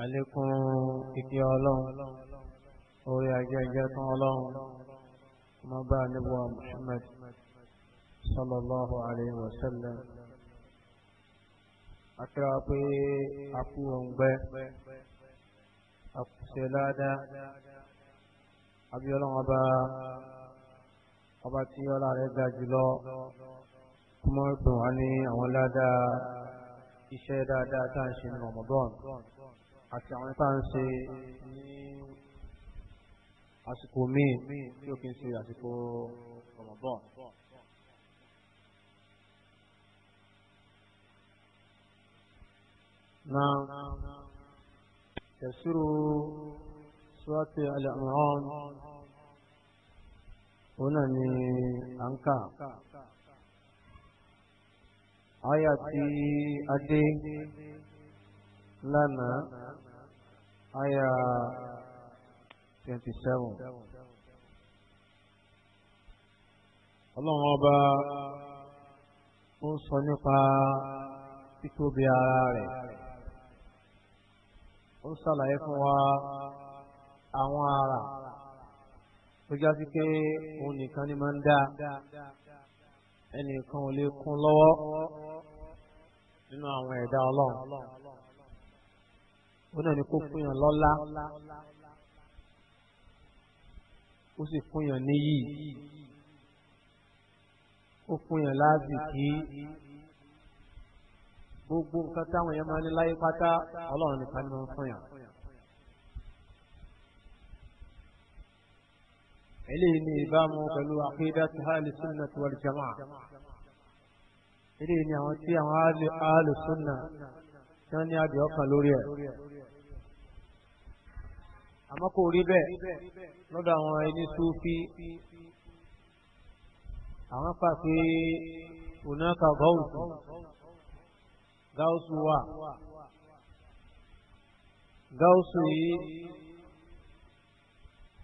àlékún ìkẹ́ ọlọ́run orí ajẹ́jẹ́ tán ọlọ́run ọmọ bá níbo Muhammad sallallahu alayhi wa sallam akẹ́wà pé akú òǹgbẹ́ akùsẹ̀ ládàá abiyọ́lọ́run ọba ọba tí ọlá rẹ̀ ga jùlọ kúmọ́ ìpè ní àwọn ládàá iṣẹ́ dáadáa tá à ń ṣe ní Ramadan. àti àwọn ẹ̀ta ń ṣe ní àsìkò míì tí ó kì í ṣe àsìkò Ramadan. na tẹ̀sírò ni à ń kà. Aya ti aya twenty seven. ọlọ́run ọba ó ń sọ nípa títóbi ara rẹ̀ ó ń ṣàlàyé fún wa àwọn ara tó já sí pé òun nìkan ni máa ń dá ẹnìkan ò lè kún lọ́wọ́ nínú àwọn ẹ̀dá ọlọ́run wọn náà ni kó fún yàn lọ́lá ó sì fún yàn níyì ó fún yàn láàzìkí gbogbo nǹkan táwọn èèyàn máa ní láyé pátá ọlọ́run nìkan ni wọ́n fún yàn. eléyìí ní ìbámu pẹ̀lú aqidatu ahli sunnati wal jamaa eléyìí ní àwọn tí àwọn ahli sunna tí wọ́n ní adìẹ ọkàn lórí ẹ̀ àmọ́ kò rí bẹ́ẹ̀ lọ́dọ̀ àwọn ẹni súfí àwọn pàṣẹ onáka gáúsù gáúsù wà gáúsù yìí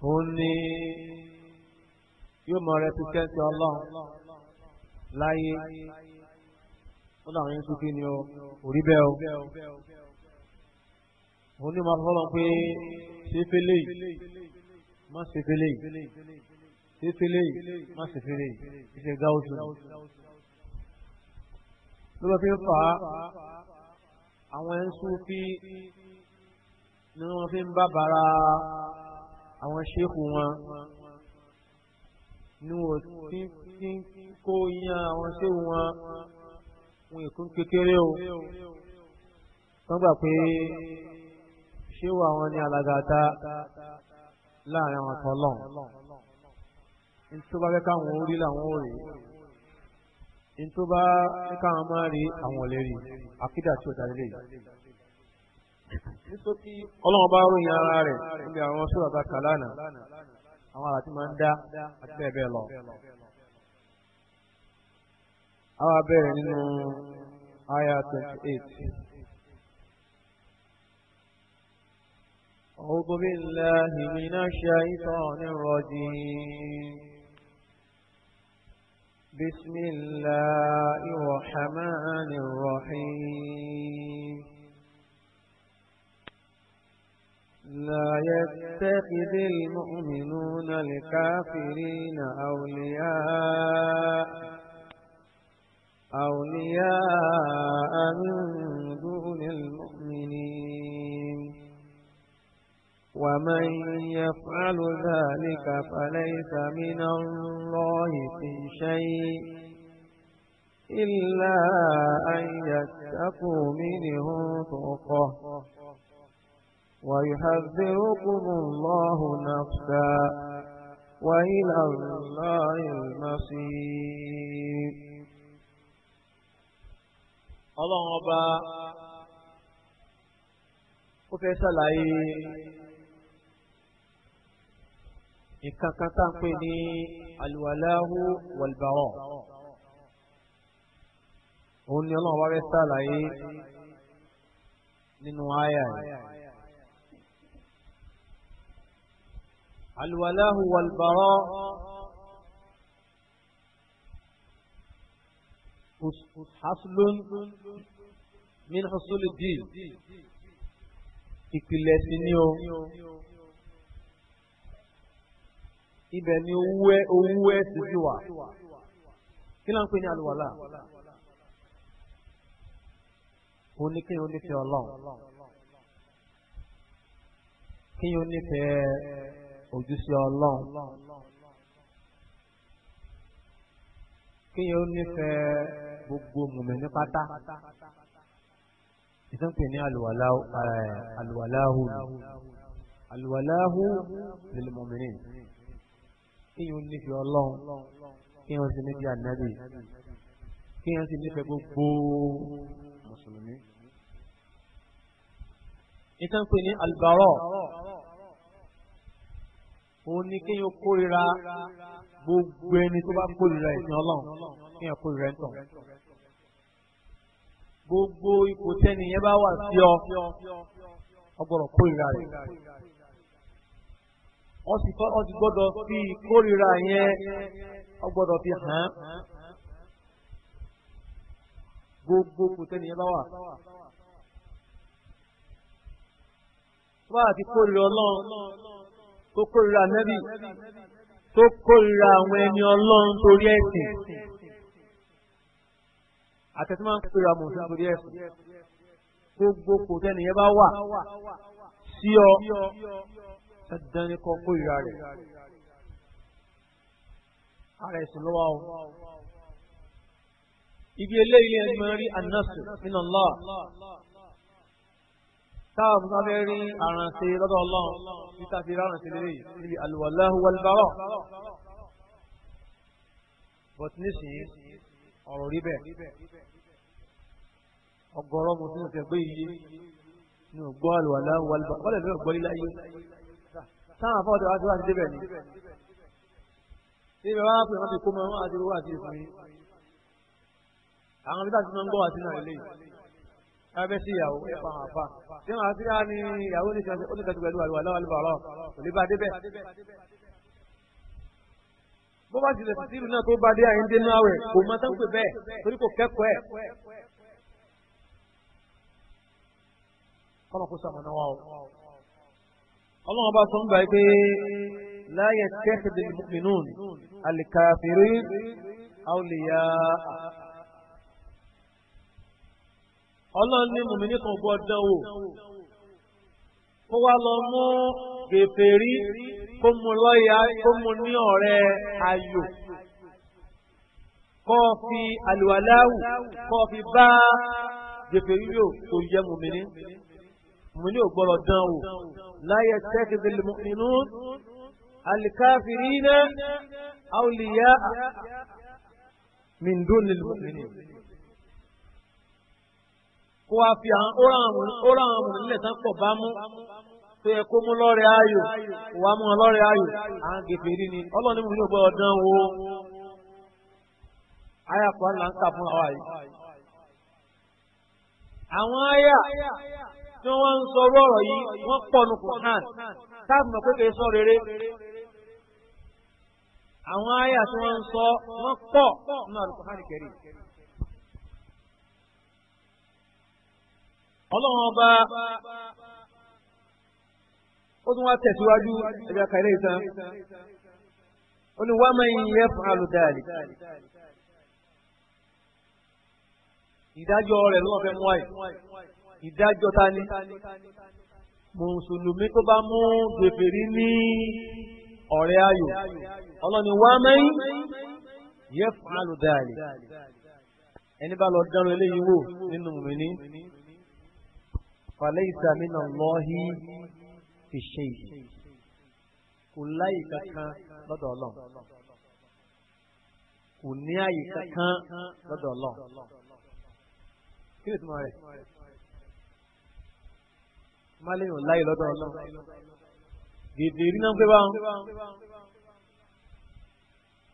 òun ni yóò mọ rẹpítẹ́ǹtì ọlọ́run láyé ó làwọn ẹni súfí ni ó rí bẹ́ẹ̀ o òun ni máa fọlọ́n pé ṣéfélé yìí má ṣéfélé yìí ṣéfélé yìí má ṣéfélé yìí iṣẹ́ gáwúsù ló bá fi ń fà á àwọn ẹ̀ńsù fi ni wọ́n fi ń bá bàrà àwọn ṣéèkù wọn ni wọ́n ti ń kó yan àwọn ṣéèkù wọn wọn ìkún kékeré o wọ́n gbà pé. ṣé wà wọn ní alágàtà láàrin àwọn kan lọ́n nítorí bá fẹ́ káwọn orí làwọn ò rí bá káwọn máa rí àwọn àkídà tí ó dá lélẹ̀ yìí. nítorí ọlọ́run bá ròyìn ara rẹ̀ níbi àwọn sọ̀rọ̀ bá kà lánàá àwọn máa ń dá àti bẹ́ẹ̀ lọ. nínú aya twenty أعوذ بالله من الشيطان الرجيم بسم الله الرحمن الرحيم لا يتخذ المؤمنون الكافرين أولياء أولياء من دون المؤمنين ومن يفعل ذلك فليس من الله في شيء إلا أن يتقوا منه تقه ويحذركم الله نفسا وإلى الله المصير الله أبا ó fẹ́ nǹkan kan tá à ń pè ní alwalahu walbara òun ni ọlọ́run wá fẹ́ sàlàyé nínú àyà yìí. alwalahu walbara haslun min husuli din ìpìlẹ̀ sí ni o ibẹ̀ ni owó ẹ̀ sì ti wà kí ló ń pè ní àlùwàlà oníkéyìn onífẹ̀ẹ́ ọlọ́run kéyìn onífẹ̀ẹ́ ojúṣe ọlọ́run kéyìn onífẹ̀ẹ́ gbogbo mùmẹ́ni pátá ìsọ́npẹ̀ ní àlùwàláhù àlùwàláhù lil mu'minin kí yóò nífẹ̀ẹ́ ọlọ́run kí yóò sì nífẹ̀ẹ́ ànábì kí yóò sì nífẹ̀ẹ́ gbogbo mùsùlùmí. ìtàn pè ní albarọ òun ni kí yóò kórira gbogbo ẹni tó bá kórira ẹ̀sìn ọlọ́run kí yóò kórira ẹ̀ tán gbogbo ipò tẹ́niyẹn bá wà sí ọ ọgbọ̀rọ̀ kórira rẹ̀ wọ́n ti gbọ́dọ̀ fi ìkórira yẹn wọ́n gbọ́dọ̀ fi hàn án gbogbo kò tẹ́ni yẹn bá wà. Wá àti kórira ọlọ́run tó kórira nẹ́bì tó kórira àwọn ẹni ọlọ́run torí ẹ̀sìn. Àtẹ̀tí máa ń kórira mọ̀ọ́sí torí ẹ̀sìn. Gbogbo kò yẹn bá wà sí ọ dandan ni kọ́ kórìíra rẹ̀ ara ẹ̀sìn lọ́wọ́ o. Ibi eléyìí ẹni máa ń rí anásù nínú Allah. Táà fún ká fẹ́ rí àrànṣe lọ́dọ̀ Ọlọ́run níta fi rárànṣe lélẹ̀ níbi al-walahu wal nísìnyí ọ̀rọ̀ rí bẹ́ẹ̀. Ọgọ́rọ́ mo tún fẹ́ gbé iye ní ògbó al-walahu wal-bara. Wọ́n lè fẹ́ táwọn afọ́ tẹ̀wá síwájú débẹ̀ ni. Níbi wàá pè wọ́n ti kó mọ wọn àti owó àti ìfún yín. Àwọn bíbá ti máa ń gbọ́ wá sínú àìlè yìí. Abẹ́ sí ìyàwó ẹ̀ pa àwọn àfa. Ṣé wọn àti ní ìyàwó ní ìṣẹ́jú oníkàtí pẹ̀lú àlùwà lọ́wọ́ àlùbọ̀rọ̀ kò lè bá débẹ̀. Bó bá tilẹ̀ títí ìlú náà tó bá dé àyíndé náà àwẹ̀ kò mọ sáńpè bẹ́ẹ̀ torí kò kẹ́kọ̀ọ́ ẹ̀. Kọ́mọ kó sàmọ̀nà wa o ọlọ́run bá sọ ń gbà pé láyé tẹ́sídì mìíràn àlìkàfẹ́rí àwòlìyá. ọlọ́run ní mùmíní kan gbọ́ dán wò kó wá lọ mú gèfèrí kó mu lọ́ọ̀yà kó mu ní ọ̀rẹ́ ayò kọ́ fi àlùwàláwù kọ́ fi bá gèfèrí yò kò yẹ mùmíní mùmíní ò gbọ́dọ̀ dán wò. لا يتخذ المؤمنون الكافرين أولياء من دون a fi àwọn ọ̀rọ̀ àwọn ọmọ nílẹ̀ tán pọ̀ bá mú tó yẹ kó mú lọ́rẹ̀ ayò mú lọ́rẹ̀ ayò ni ọlọ́run mú ní ọgbà wo àyà kan là ń kà fún àwa yìí. àwọn tí wọ́n ń sọ ọ̀rọ̀ yìí wọ́n pọ̀nù kùnán táàbù mọ̀ pé kìí sọ rere. Àwọn àyà tí wọ́n ń sọ wọ́n pọ̀ nínú àlùkùnán kẹrì. Ọlọ́run ọba ó tún wá tẹ̀síwájú ẹ̀dá kàlẹ́ ìtàn. Ó ní wá máa ń yẹ fún àlùdáàlì. Ìdájọ́ rẹ̀ ló wọ́n fẹ́ mú àyè ìdájọ́ ta ni mùsùlùmí tó bá mú gbèbèrè ní ọ̀rẹ́ ayò ọlọ́ni wá mẹ́yìn yẹ fún alùdáàlì ẹni bá lọ dánrọ eléyìí wò nínú mìíní falẹ́ ìsàmì náà lọ́ọ́hí fi ṣe yìí kò láyè kankan lọ́dọ̀ ọlọ́run kò ní àyè kankan lọ́dọ̀ ọlọ́run kí ni ìtumọ̀ rẹ̀ má léèyàn láyè lọ́dọ̀ ọlọ́run dèdè rí náà ń pé báwọn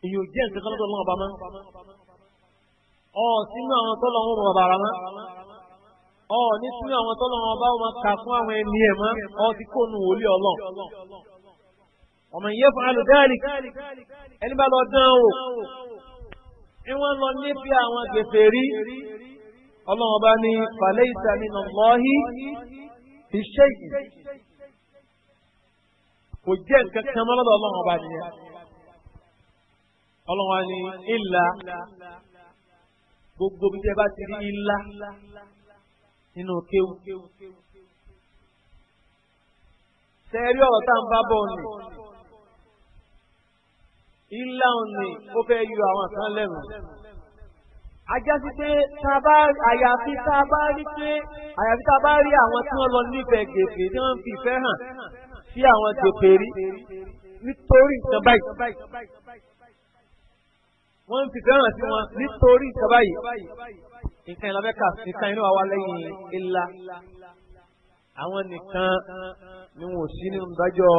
èyí ò jẹ́ nǹkan kan lọ́dọ̀ ọlọ́run ọba mọ́ ọ sínú àwọn tọ́lọ̀ wọn mọ̀ bàrà mọ́ ọ ní sínú àwọn tọ́lọ̀ wọn ọba wọn kà fún àwọn ẹni ẹ̀ mọ́ ọ ti kó nu wòlíì ọlọ́run ọmọ ìyẹn fún alùdáàlì ẹni bá lọ dán o ìwọ́n lọ níbi àwọn gbèsè rí ọlọ́run ọba ní falẹ́ ìsàmì iṣẹ́ yìí kò jẹ́ nǹkan kan mọ́lọ́dọ̀ ọlọ́run ọba nìyẹn ọlọ́run wa ni ìlà gbogbo bí ẹ bá ti rí ìlà nínú kéwù tẹ́rí ọ̀rọ̀ tá à ń bá bọ̀ ni ìlà òní ó fẹ́ yọ àwọn kan lẹ́nu ajásí pé àyàfi tá a bá rí pé àyàfi tá a bá rí àwọn tí wọ́n lọ nífẹ̀ẹ́ gèfè tí wọ́n fi ìfẹ́ hàn sí àwọn gèfè rí nítorí nǹkan báyìí wọ́n ń fìfẹ́ hàn sí wọn nítorí nǹkan báyìí nǹkan ìlànà mẹ́ka nǹkan inú àwa lẹ́yìn ńlá àwọn nìkan ni wọn ò sí nínú dájọ́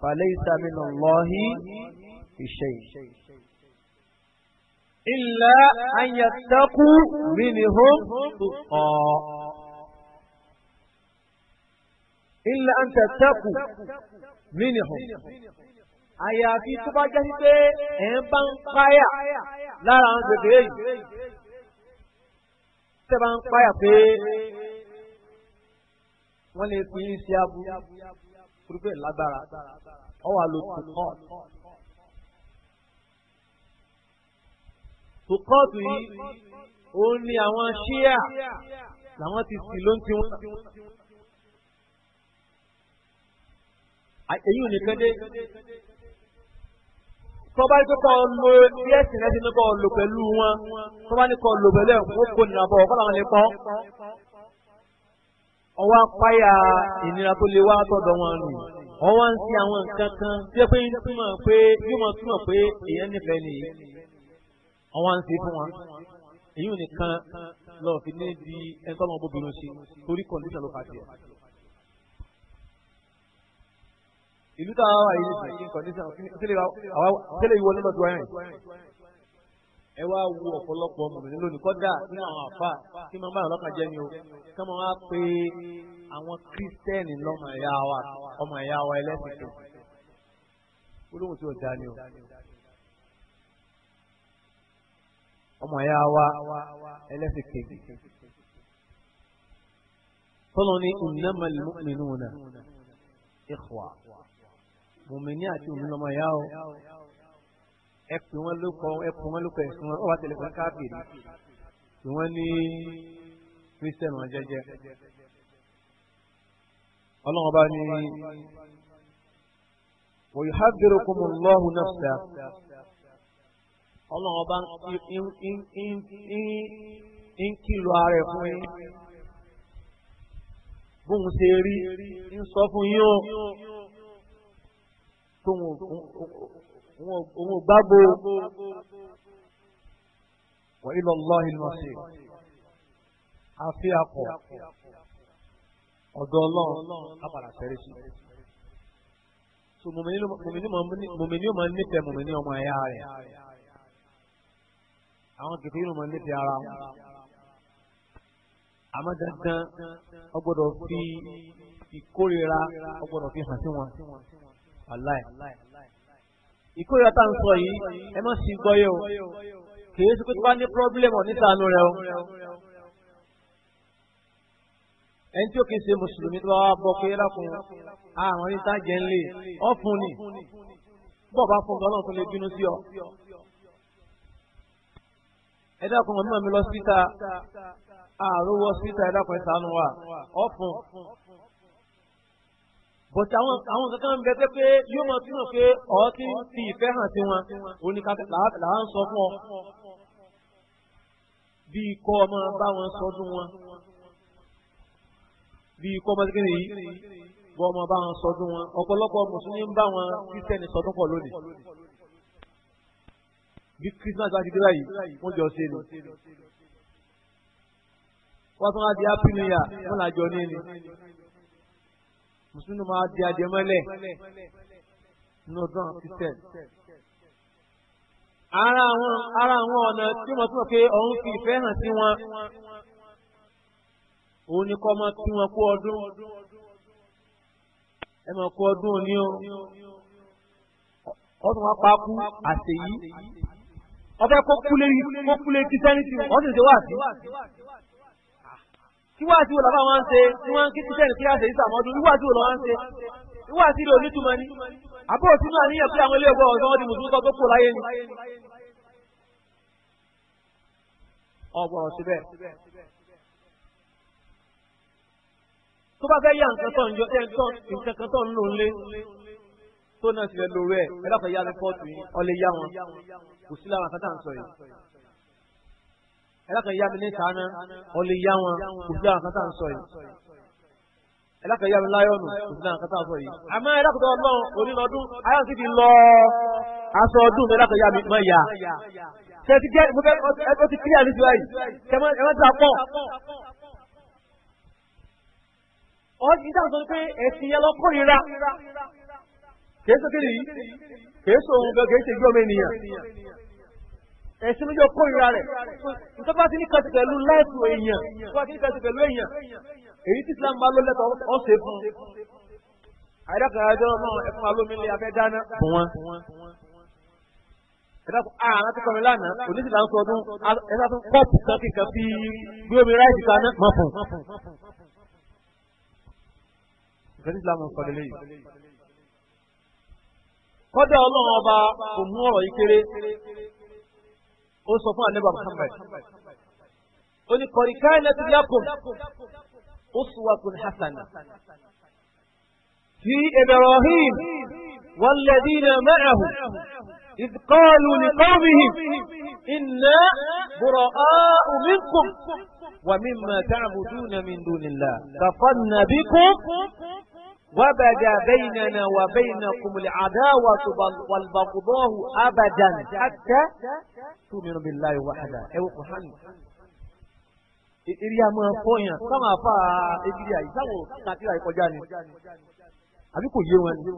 falẹ́ ìsàmìnà lọ́hìn ìṣẹ̀yìn ilà ayàtẹ́kù mìnìhó tukọ̀. ilà ayàtẹ́kù mìnìhó. àyàfi tó bá jẹ́ pé ẹ̀ ń bá ń páyà lára àwọn bèbè yìí. tẹ́ bá ń páyà pé wọ́n lè fi í ṣe abu. púrúfẹ́ lágbára ọ̀wà ló tukọ̀. fòkọ́ọ̀tù yìí òun ni àwọn ṣíà làwọn ti sì ló ń ti wọn. èyí ò ní kéde tọ́ba ní kọ́ lo bí ẹ̀sìn ẹ̀sìn ní kọ́ lo pẹ̀lú wọn tọ́ba ní kọ́ lo pẹ̀lú ẹ̀ kó kó nìyàbọ̀ ọ̀kọ́ làwọn lè pọ́n ọwọ́ apáyà ìnira tó lè wá tọ̀dọ̀ wọn nù ọwọ́ ń sin àwọn nǹkan kan tí ó pé yóò mọ̀ pé èèyàn nífẹ̀ẹ́ nìyí ọwọ́ ń ṣe fún wọn èyí ò nìkan lọ fi ní di ẹ̀tọ́ ọmọ obìnrin ṣe torí kọ̀ǹdíṣàn ló fà tiẹ̀. ìlú tá a wà yìí ní ìsìn kọ̀ǹdíṣàn kílè ìwọ nínú ọdún ayẹyẹ ẹ wá wo ọ̀pọ̀lọpọ̀ mùmìnì lónìí kọ́dà nínú àwọn àfà tí màmá àwọn ọlọ́kàn jẹ́ ni o kí wọ́n wá pé àwọn kírísítẹ́nì lọ́mọ ẹ̀yà wa ọmọ ẹ̀yà wa ẹlẹ́sìn tó. olóhùn tí ò dá ni o. ọmọ ya wa ẹlẹ́sìn kejì tọ́lọ́ ní innamal mu'minuna ikhwa mùmíní àti òmìnira ọmọ ya o ẹ pè wọ́n lóko ẹ pè wọ́n lóko ẹ̀sìn wọn ó wà pè wọ́n ní kírísítẹ̀nù wọn jẹ́jẹ́ ọlọ́run bá ní wa yuhadhdhirukumullahu nafsa ọlọ́run ọba ń kìlọ̀ ara ẹ̀ fún yín bóun ṣe rí ń sọ fún yín o tóun òun gbàgbó wa ila Allahi al-masir àfi àpọ̀ ọ̀dọ̀ ọlọ́run apàdà sẹ́rí sí. so máa ń nífẹ̀ẹ́ mòmìnì ọmọ ẹ̀yà rẹ̀ àwọn kìtì yìí mọ̀ nífẹ̀ẹ́ ara àmọ́ dandan ó gbọ́dọ̀ fi ìkórira ó gbọ́dọ̀ fi hàn sí wọn aláì ìkórira tá à ń sọ yìí ẹ má sì gbọ́ yẹ o kìí sí pé tó bá ní pírọ́bílẹ̀mù nítàánú rẹ o ẹni tí ó kìí ṣe mùsùlùmí tó bá wá bọ́ pé lákùn àwọn oníṣàjẹ́ ńlẹ̀ ọ̀fun ni bọ́ọ̀ bá fún un lọ́nà tó lè bínú sí ọ ẹ dákun ọmọ mi lọ síta àròwọ síta ẹ ẹ ṣàánú wa ọ̀fun bọ̀tí àwọn àwọn kankan ń bẹ́tẹ́ pé yóò mọ sínú pé ọ̀ ti ti ìfẹ́ hàn sí wọn oníkàtà làá ń sọ fún ọ bí ikọ́ ọmọ bá wọn sọdún wọn bí ikọ́ ọmọ kékeré yìí bọ́ ọmọ bá wọn sọdún wọn ọ̀pọ̀lọpọ̀ mùsùlùmí ń bá wọn kírísítẹ́nì sọdún pọ̀ lónìí bí Christmas bá ti dé báyìí wọ́n jọ ṣe ni wọ́n tún wá di happy new year wọ́n là jọ ní ni mùsùlùmí máa di àdèmọ́lẹ̀ nínú dán christian. ara àwọn ara àwọn ọ̀nà tí wọ́n túnbọ̀ pé ọ̀hún fi ìfẹ́ hàn sí wọn òun ni kọ́ máa kí wọn kú ọdún ẹ máa kú ọdún òní o ọdún wa pa kú àṣeyí ọfẹ kó kúlé kó kúlé kristianity wọn sì ṣe wá sí. tí wá sí wo làbá wọn ṣe tí wọn kí kristianity kí á ṣe ìsàmọ́ ọdún wíwá sí wo lọ wọn ṣe wíwá sí ilé onítùmọ̀ ni àbọ̀ òsínú àníyàn pé àwọn ilé ẹ̀kọ́ ọ̀sán wọn di mùsùlùmí kan tó kù láyé ni. ọgbọ̀n síbẹ̀ tó bá fẹ́ yá nǹkan tó ń yọ ẹ̀ tó nǹkan kan tó ń lò ń lé tó náà ti lè lò rẹ̀ ẹ̀ lọ́kọ̀ yá ní kóòtù yìí ọ kò sí lára kátà ń sọ yìí ẹlẹ́kàn yá mi ní tàná ọ̀lẹ́ yá wọn kò sí lára kátà ń sọ yìí ẹlẹ́kàn yá mi láyọ̀nù kò sí lára kátà ń sọ yìí àmọ́ ẹlẹ́kàn tó lọ́n onínọdún ayọ̀ sì ti lọ aṣọ ọdún mi ẹlẹ́kàn yá mi mọ̀ yá ṣe ti jẹ́ mo fẹ́ ti kílíà níbi wáyìí ṣe máa ti àpọ̀ ọ̀ kìí ṣe kiri kìí ṣe òun gan kìí ṣe ìjọ mi nìyàn ẹ̀sìn lójó kórìíra rẹ̀ nítorí bá ti ní kàtì pẹ̀lú láìpù èèyàn tó bá ti ní kàtì pẹ̀lú èèyàn èyí tí Islam bá ló lẹ́tọ̀ ọ́ ṣe fún àìdákàájọ́ náà ẹ̀fún alómìnira abẹ́ dáná fún wọn ẹ̀dá fún ààrẹ tó kọrin lánàá kò ní sí láńsọ ọdún ẹ̀dá fún kọ́ọ̀pù kan kí fi gbé omi ráìsì kaná mọ́ fún. ìfẹ́ ní Islam ń sọ lélẹ́yìí kọ́dà ọlọ́run ọba kò mú ọ̀rọ̀ yìí kéré ó sọ fún àlẹ́ bàbá Muhammad ó ní kọ̀ríkà iná ti yàkùn uswatun hasana fi Ibrahim walladhina ma'ahu إذ قالوا لقومهم إنا براء منكم ومما تعبدون من دون الله كفرنا بكم وبدا بيننا وبينكم العداوة والبغضاء أبدا حتى تؤمنوا بالله وحده أي قرآن ìrì àmọ́ fọyàn sáwọn afa ìdílé àyè sáwọn kàkiri àyíkọjá ni àbí kò yé wọn ni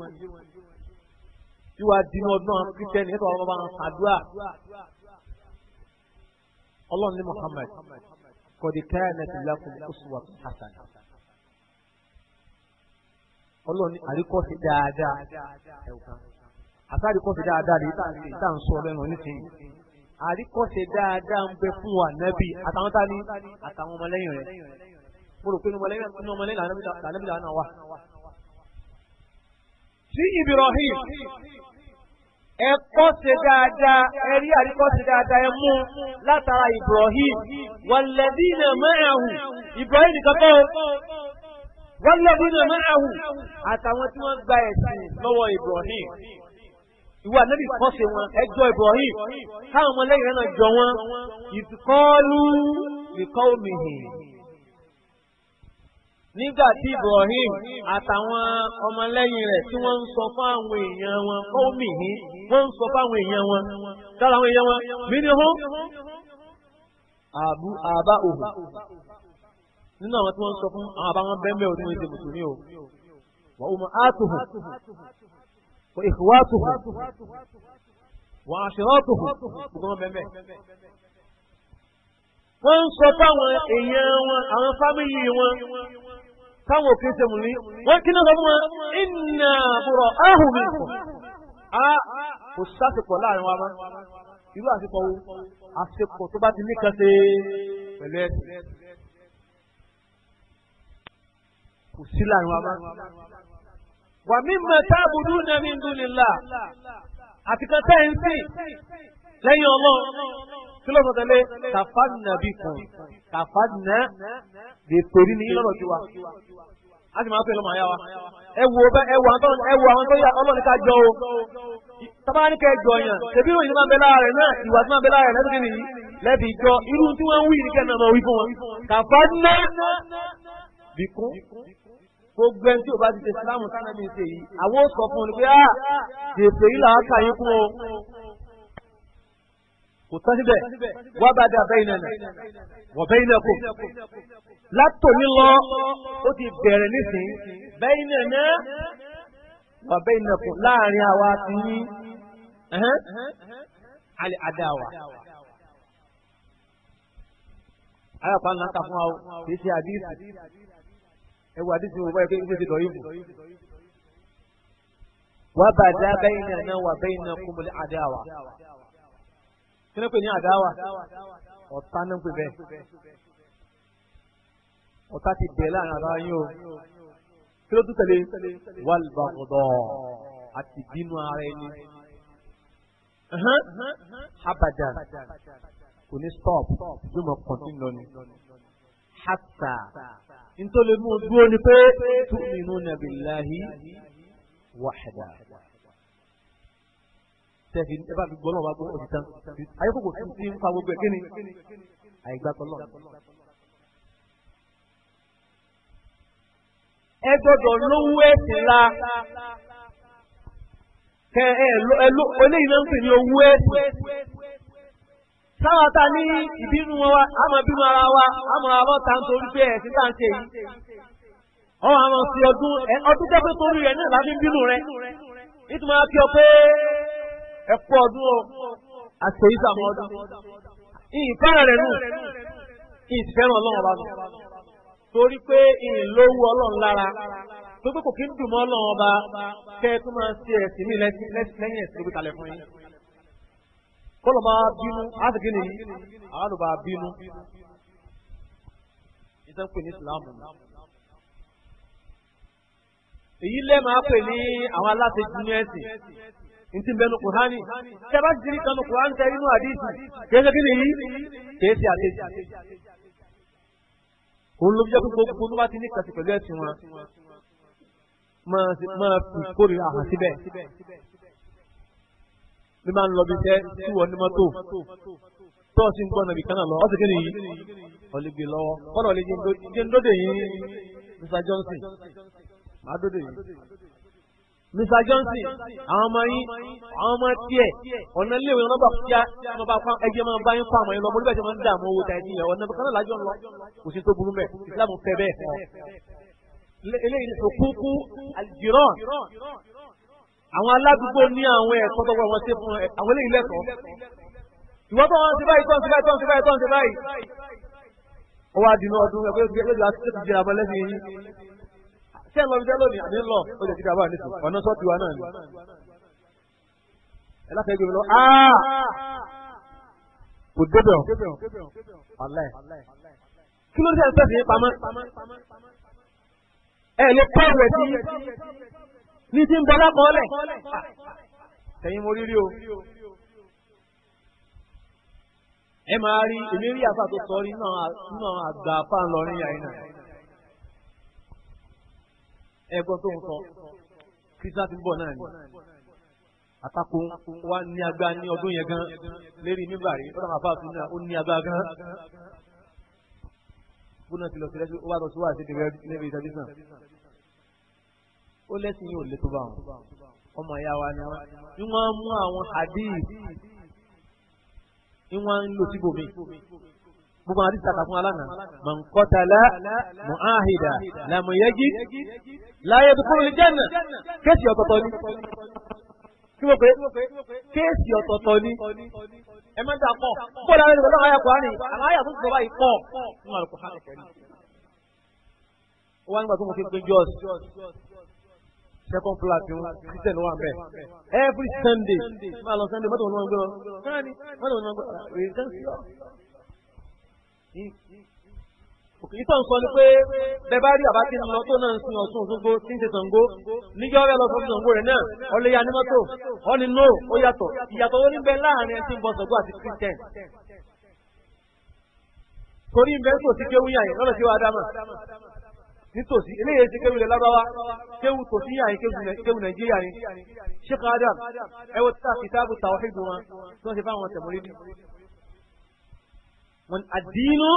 tí wàá dín ọdún àwọn kírísítẹ́nì nípa ọmọ bá ń ṣàdúrà ọlọ́run ní Muhammad qad kanat lakum uswatun hasanah ọlọ́run àríkọ́sí dáadáa ẹ̀wùkan àtàríkọ́sí dáadáa rèé tá à ń sọ lẹ́nu nísìnyí àríkọ́sí dáadáa ń bẹ fún wa nẹ́bí àtàwọn tání àtàwọn ọmọlẹ́yìn rẹ̀ mo rò pé ní ọmọlẹ́yìn lànàbí lànà wà. sí Ibrahim ẹ kọ́sí dáadáa ẹ rí àríkọ́sí dáadáa ẹ mú látara Ibrahim wàlẹ́dínà mẹ́ẹ̀hù Ibrahim nìkan wàlúwàbínú mẹ́rẹ̀hù àtàwọn tí wọ́n gba ẹ̀sìn lọ́wọ́ Ibrahim ìwà nẹ́bí kọ́sẹ̀ wọn ẹjọ́ Ibrahim káwọn ọmọlẹ́yìn rẹ̀ náà jọ wọn ìkọlù nìkọ́ òmìnir nígbà tí Ibrahim àtàwọn ọmọlẹ́yìn rẹ̀ tí wọ́n ń sọ fún àwọn èèyàn wọn òmìnir wọ́n ń sọ fún àwọn èèyàn wọn dára àwọn èèyàn wọn mí ni hó àbá òhùn nínú àwọn tí wọ́n ń sọ fún àwọn àbáwọn bẹ́ẹ̀mẹ́ ò tí wọ́n ti mùsùlùmí o wà ó mọ áàtùhù wà ìfúwàtùhù wà àṣírọ́tùhù gbogbo wọn bẹ́ẹ̀mẹ́. wọ́n ń sọ fáwọn èèyàn wọn àwọn fámìlì wọn táwọn òkè ṣe mùlí wọ́n kí náà sọ fún wọn ìnà àbúrò áhùn mi kọ̀ á kò sásìkò láàrin wa mọ́ irú àsìkò wo àsìkò tó bá ti ní kan pẹ̀lú ẹ̀sìn. kò sí láàrin wa bá. wà mí mọ táàbùdú náà mi ń dún ní là àti kan tẹ́ ń sìn lẹ́yìn ọlọ́run kí ló sọ tẹ́lẹ̀ kàfá nàbí kan kàfá nà lè pèrè ní lọ́rọ̀ tiwa a sì máa ń pè lọ́mọ àyà wa ẹ wo bẹ ẹ wo àwọn ẹ wo àwọn tó yà ọlọ́run ká jọ o tábà ní kẹ́ jọ yàn tẹ̀bí ìròyìn máa bẹ lára náà ìwà tí máa bẹ lára lẹ́sìn nìyí lẹ́bi jọ irú tí wọ́n ń wí ní náà máa wí fún wọn kàfá nà bìkún gbogbo ẹni tí o bá ti ṣe sílámù sánàmì ṣe yìí àwọn ò sọ fún un pé ah ètò yìí làwọn kà yín kún o kò tán síbẹ̀ wá bá dé abẹ́ iná náà wọ́n bẹ́ iná kù látòní lọ ó ti bẹ̀rẹ̀ nísìnyí bẹ́ iná náà wọ́n bẹ́ iná kù láàrin àwa ti yín alẹ́ adáwa. ayọ̀pá ńlá ta fún wa o kì í ṣe àdìsí ẹ wo àdìsí wo báyìí pé ibi ti dọ̀yìn fún. wà á bàdá bẹ́yìn náà náà wà bẹ́yìn náà kúmọ̀lé àdáwà. kí ló pè ní àdáwà? ọ̀tá náà pè bẹ́ẹ̀. ọ̀tá ti bẹ̀ láàrin ara yín o. kí ló tún tẹ̀lé? wàlbàgọ̀dọ̀ àti bínú ara ẹni. abadan kò ní stop yóò mọ̀ kọ́ntínú lọ nítorí mú dúró ni pé tu'minuna billahi wahda. sẹ́fì ẹ bá fi gbọ́ náà wá gbọ́ òjì tán ayékòkò tún ti ń fa gbogbo ẹ̀ kíni àìgbàtọ̀ náà. ẹ gbọ́dọ̀ lówó ẹ̀sìn la kẹ ẹ ló eléyìí náà ń pè ní owó ẹ̀sìn. táwọn ta ní ìbínú wa àmọ́ ara wa àmọ́ ta ń torí pé tá à ń ṣe yìí. àwọn ọdún ọdún jẹ́ pé torí rẹ̀ náà láti ń bínú rẹ̀ nítorí wọn kí ọ pé ẹ kú ọdún o àṣeyí sàmọ́ ọdún. nù ọlọ́run nù torí pé ọlọ́run kọ́lọ̀ máa bínú àtìkí ni àwọn àlùbà bínú ìtàn pè ní Islam nù. èyí lẹ́ máa pè ní àwọn aláṣẹ júnẹ́ẹ̀sì ntí bẹnu kùránì tẹ bá jírí kanu kùránì tẹ inú àdìsí kéèké kí ni yìí kéèké àdìsí. òun ló fi jẹ́ pé gbogbo tó bá ti ní kàtí pẹ̀lú ẹ̀sìn wọn máa fi kórìíra hàn síbẹ̀ bí máa ń lọ bí iṣẹ́ tí wọ́n ní mọ́tò tó sì ń gbọ́ nàbì kan náà lọ ọ́sì kìíní yìí ọ̀lẹ́gbẹ̀ lọ́wọ́ kọ́nà lè jẹ́ ńdóde yìí Mr Johnson máa dóde yìí Mr Johnson àwọn ọmọ yín àwọn ọmọ tiẹ̀ ọ̀nà iléèwé ọ̀nà bá kíá ọmọ bá fún ẹgbẹ́ máa bá yín fún àwọn ẹ̀yìn lọ mo níbẹ̀ tí wọ́n ń dààmú owó ta ẹ̀yìn ọ̀nà kan náà àwọn aládùúgbò ní àwọn ẹ̀kọ́ tó wọ́n ṣe fún àwọn eléyìí lẹ́kọ̀ọ́ ìwọ́n tó wọ́n ṣe báyìí tó ń ṣe báyìí tó ń ṣe báyìí tó ń ṣe báyìí. ó wá dínú ọdún ẹgbẹ́ ìgbẹ́ ìgbà tó ti jẹ́ abọ́ lẹ́sìn yìí ṣé ẹ lọ bí dẹ́lọ́ọ̀nì àmì ń lọ ó jẹ́ kíkà bá nìtò ọ̀nà sọ́ọ̀tì wa náà ni. ẹ láti ẹgbẹ́ mi lọ áá kò débẹ̀ ọ̀lẹ́ kí ló dé ní ti ń bọ́ lápọ̀ọ́lẹ̀ tẹ̀yìn o ẹ máa rí èmi rí àfa tó sọ rí nínú àgbà afá ńlọrin yàrá náà ẹgbọ́n tó ń sọ ti ń bọ̀ náà ni wa ní agbá ní ọdún yẹn gan lérí nígbà rí ọ̀dọ̀ àfa ó lẹ́sìn yóò lé tó bá wọn ọmọ ìyá wa ni wọn ni wọn mú àwọn hadith ni wọn ń lò síbòmí gbogbo àdìsí àkàfún alánà man qatala mu'ahida lam yajid la yadkhulul janna kéèsì ọ̀tọ̀tọ̀ ni kí wọ́n pé kéèsì ọ̀tọ̀tọ̀ ni ẹ má dà pọ̀ kó lára ẹni pẹ̀lú àwọn ayàkùn àárín àwọn ayàkùn tó bá yìí pọ̀ fún àlùkò hàn kẹ́lí. ó wá nígbà tó mo fi gbé jọ́ọ̀sì second flat yìí christian wà bẹ́ẹ̀ every sunday máa lọ sunday mọ́tò wọn máa ń gbé lọ káàní wọn máa ń gbé lọ ọ. òkè ìtàn ni pé bẹ́ẹ̀ bá rí àbá lọ tó náà ń sin ọ̀tún òṣogbo tí ń ṣe Ṣàngó níjọ́ ọ̀rẹ́ lọ fún Ṣàngó rẹ̀ náà ọ̀lẹ́ ya ní mọ́tò ọ̀ ni ó yàtọ̀ ìyàtọ̀ ó ní bẹ láàrin ẹtí ń bọ Ṣàngó àti christian torí ìbẹ́sùn òsì kéwìyàn yìí lọ́nà tí wàá dámà nítòsí eléyìí ṣe kéwù lẹ lábáwá kéwù tòsí yàn kéwù nàìjíríà ni Sheikh Adam ẹ wo ta kìtàbù tawhid wọn tí wọn ṣe fáwọn tẹmọlẹdì wọn àdínú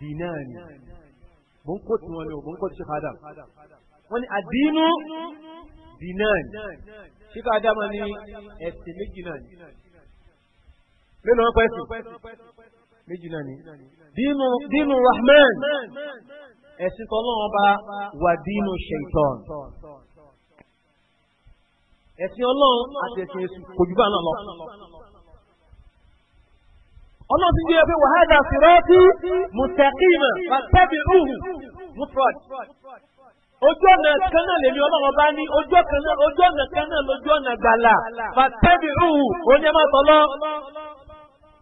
dínàní mò ń kó tí wọn ni o mò ń kó tí Sheikh Adam wọn ni àdínú dínàní Sheikh Adam ni ẹsìn méjì náà ni lẹ́nu wọn pẹ́ sùn méjì náà ni dínú dínú Rahman ẹ̀sìn tọ́lọ́wọ́n bá wà dínú ṣèǹtọ́n. ẹ̀sìn ọlọ́run àti ẹ̀sìn èṣù kò jù bá náà lọ. ọlọ́run ti ń jẹ́ pé wàhálà sirati mustaqima fattabi'uhu mufrad. ojú ọ̀nà kan náà lèmi ọlọ́run bá ní ojú ọ̀nà kan náà lójú ọ̀nà gbàlà fattabi'uhu oníyàmọ̀tọ́lọ́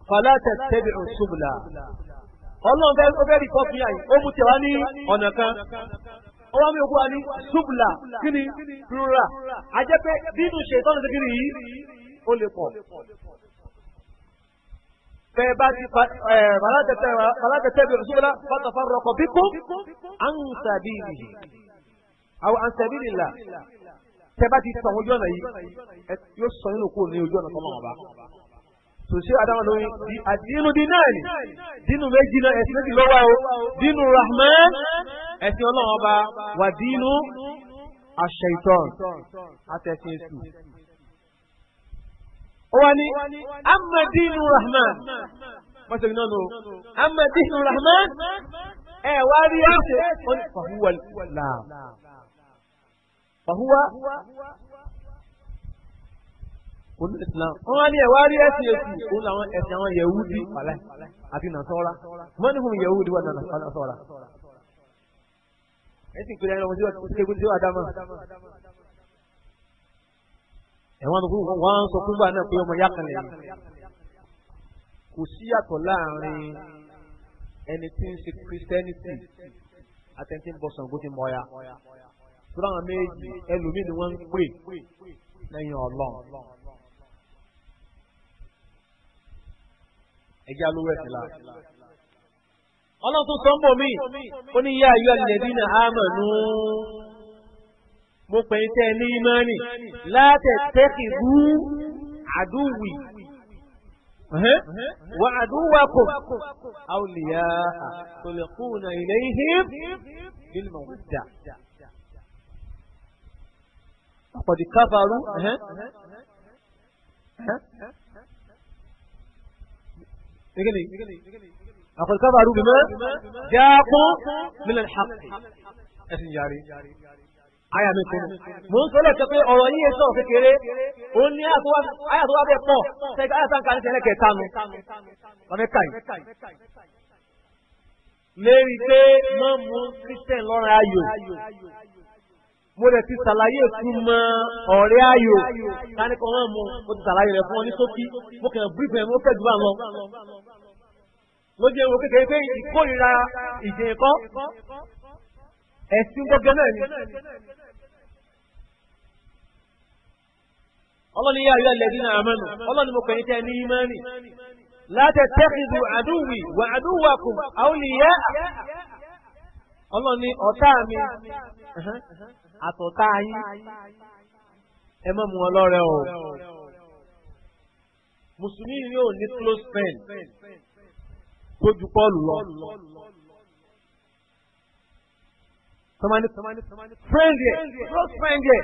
fala tattabi'u subula ọlọ́run fẹ́ ó fẹ́ rí kọ́ fún ó mú tiẹ̀ ní ọ̀nà kan ó wá mú yòókù wá ní subla kí ni plural a jẹ́ pé nínú ṣètọ́nù tó kiri yìí ó lè pọ̀ fẹ́ bá ti falatẹ̀tẹ̀ bí subla fatafarraqa bikum an sabilihi aw an sabilillah tẹ́ bá ti sọ ojú ọ̀nà yìí yóò sọ nínú kúrò ní ojú ọ̀nà tọ́lọ́wọ́n bá sòṣè adáwọn lórí àdínú dín náà ni dínú méjì náà ẹ̀sìn méjì lọ́wọ́ o dínú rahman ẹ̀sìn ọlọ́run ọba wà dínú aṣ-ṣaitan àtẹ̀sìn èṣù. ó wá ní amma dínú rahman mọ́tò iná nù amma rahman ẹ̀ wá rí ẹ̀sìn ó ní fahuwa islam fahuwa. Onu ní islam wọn á ní ẹwà rí ẹsìn èsì òun làwọn ẹsìn àwọn yahudi pàlẹ àti nàṣọra wọn ní fún yahudi wà nàṣọra ẹsìn ìpínlẹ̀ ẹni ọmọ tí wọ́n ti wà dámà ẹ̀wọ̀n tó wọ́n ń sọ fúngbà náà pé ọmọ yá kan kò sí yàtọ̀ láàrin ẹni tí ń ṣe christianity àtẹ̀ntì ń bọ̀ Ṣàngó ti mọ̀ọ́yà méjì ẹlòmíì ni wọ́n ń pè lẹ́yìn ọlọ́run. ẹjẹ́ alówó ẹ̀sìn la. ọlọ́run tó sọ ń bọ̀ mí ó ní yá ayọ́ àlẹ́dí náà amanu mo pè é tẹ́ ẹ ní ìmánì látẹ̀tẹ́kì rú àdúwì wa àdúwàkùn àwòlíyá tòlẹ̀kùnà ilayhim nínú ọ̀dà. Àpọ̀dì káfàrú àkọ́lù kábàárù bímẹ́ jáàkún nílẹ̀ hàkù ẹ̀sìn yàrí. Aya mi kunu. Mo ń sọlọ̀ pé ọ̀rọ̀ yín yẹn sọ̀rọ̀ kékeré. Ó ní aya tó wá bẹ̀ pọ̀. Sẹ́yìn aya sáǹkà ní sẹ́lẹ̀ kẹta nu. Bàbá ẹ̀ka yìí. Lérí pé mọ́ mú Kristẹ̀n lọ́rọ̀ ayò mo lè ti ṣàlàyé ìtumọ̀ ọ̀rẹ́ ayò káníkan wọn mú mo ti ṣàlàyé rẹ̀ fún ọ ní ṣókí mo kàn bí bẹ̀rẹ̀ mo fẹ́ jù bá lọ. lójú ẹ̀wọ̀n kékeré pé ìkórira ìjìn ẹ̀kọ́ ẹ̀sìn gbọ́gbẹ́ náà ni. ọlọ́ni yá ayọ́ ẹlẹ́dín náà amanu ọlọ́ni mo pẹ̀lú tẹ́ ní ìmánì láti tẹ́kìdù àdúwì wà àdúwàkùn àwòlíyá ọlọ́ni ọ̀tá mi àtọ̀tá yín ẹ má mú ọlọ́rẹ̀ o mùsùlùmí yóò ní close friend tó ju pọ́ọ̀lù lọ. Somebody, somebody, somebody, friend yẹ, close friend yẹ,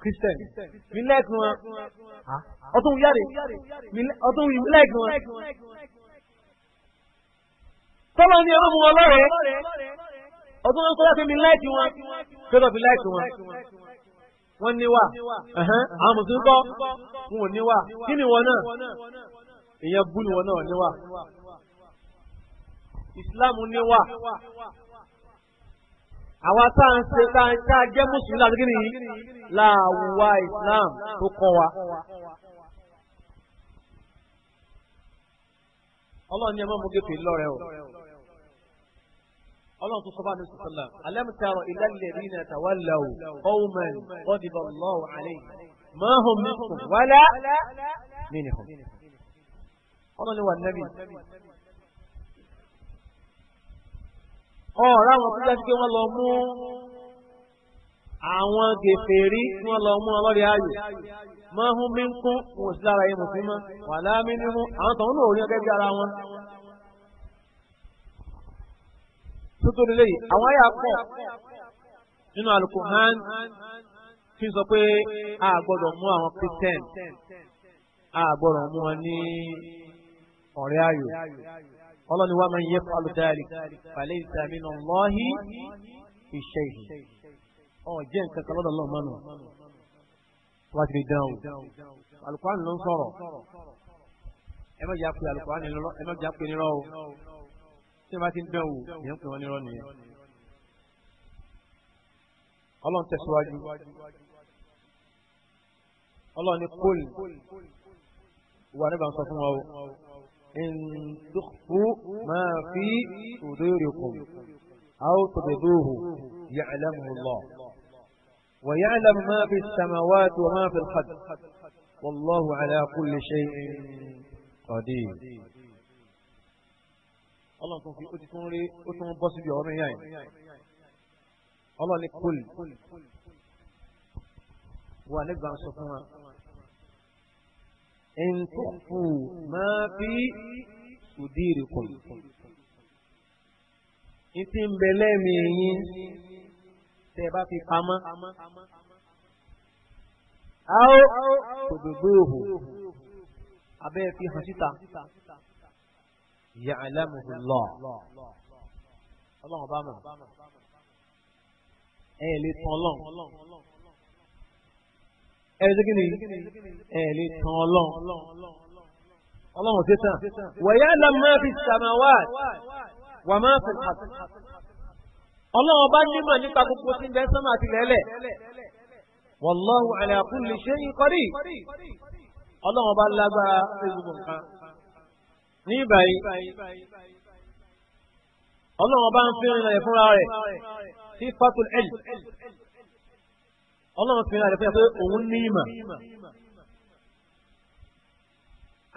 Christian, mi lẹ́ẹ̀kan wọn, ọtún yáre, ọtún yìí lẹ́ẹ̀kan wọn. Tọ́lá ni ẹ má mú ọlọ́rẹ̀ ọdún wọn kọjá fẹmi láìkì wọn kọjá fi láìkì wọn wọn níwà àwọn mùsùlùmí kọ wọn ò níwà kí ni wọn náà èèyàn bú ni wọn náà níwà ìsìláàmù níwà àwa tá à ń ṣe tá à ń jẹ́ mùsùlùmí láti kíni láàwùwá islam tó kọ́ wa. ọlọ́run ní ẹ má mú kékeré lọ́rẹ́ o ọlọ́run tó sọ́bà ní sọ́sọ́lá alẹ́mùtàrọ̀ ìlàlẹ́rì náà tàwálàwò ọ̀húnmẹ́n ọ̀dìbọ̀ lọ́wọ́ àlẹ́ máa hùn mí منهم؟ wálá nínú hùn. ọlọ́run ni wà nẹ́bí. ọ̀rọ̀ àwọn tó dájú pé wọ́n lọ mú àwọn gèfèrí tí wọ́n lọ mú ọlọ́rin ayò máa hùn mí kún wọn sí lára yẹn mùsùlùmí wàlá mi nínú àwọn tọ̀hún náà ò tuntun leyi. yìí àwọn àyà pọ̀ nínú alukuhan fi sọ pé a gbọ́dọ̀ mú àwọn christian a gbọ́dọ̀ mú wọn ní ọ̀rẹ́ ayò ọlọ́ni wa máa ń yẹ alùdáàlì pàlẹ́ ìsàmì náà lọ́hí iṣẹ́ ìlú ọ̀jẹ̀ nǹkan kan lọ́dọ̀ lọ́mọ nù wá ti dán o alukuhan ló ń sọ̀rọ̀ ẹ má jà pé alukuhan ló ẹ má jà pé nírọ̀ o tí wọ́n bá ti ń dán wò ìyẹn ń pè wọ́n nírọ́ nìyẹn. ọlọ́run tẹ̀síwájú ọlọ́run ní kóòlì wà nígbà sọ fún wa o in tukhfu fi sudurikum aw tubduhu ya'lamuhu Allah wa ya'lamu ma fi as-samawati wa ma fi al-ard wallahu ala kulli shay'in qadir ọlọ́run tó fi ó ti tún rí ó tún bọ́ síbi ọ̀rọ̀ yẹn ọlọ́run ní kúlì wà nígbà sọ fún wa. إن تخفوا ما في صدوركم ìtì ń bẹ lẹ́mí yín tẹ́ ẹ bá fi pamọ́. a ó òhò abẹ́ fi hàn síta ya'lamuhu Allah ọlọ́run bá mọ̀ ẹ lè tàn ọlọ́run ẹ lè kí ni ẹ lè tàn ọlọ́run ọlọ́run ṣe tàn wa ya'lamu ma fi samawat wa ma fi al-ard ọlọ́run bá nímọ̀ nípa gbogbo tí ń bẹ sánmà àti lẹ́lẹ̀ wallahu ala kulli shay'in qadir ọlọ́run bá lágbára fún gbogbo nǹkan ní ìbàyí ọlọ́run bá ń fi rìnlẹ̀ fúnra rẹ̀ sí fatul el ọlọ́run fi rìnlẹ̀ fúnra pé òun ní ìmọ̀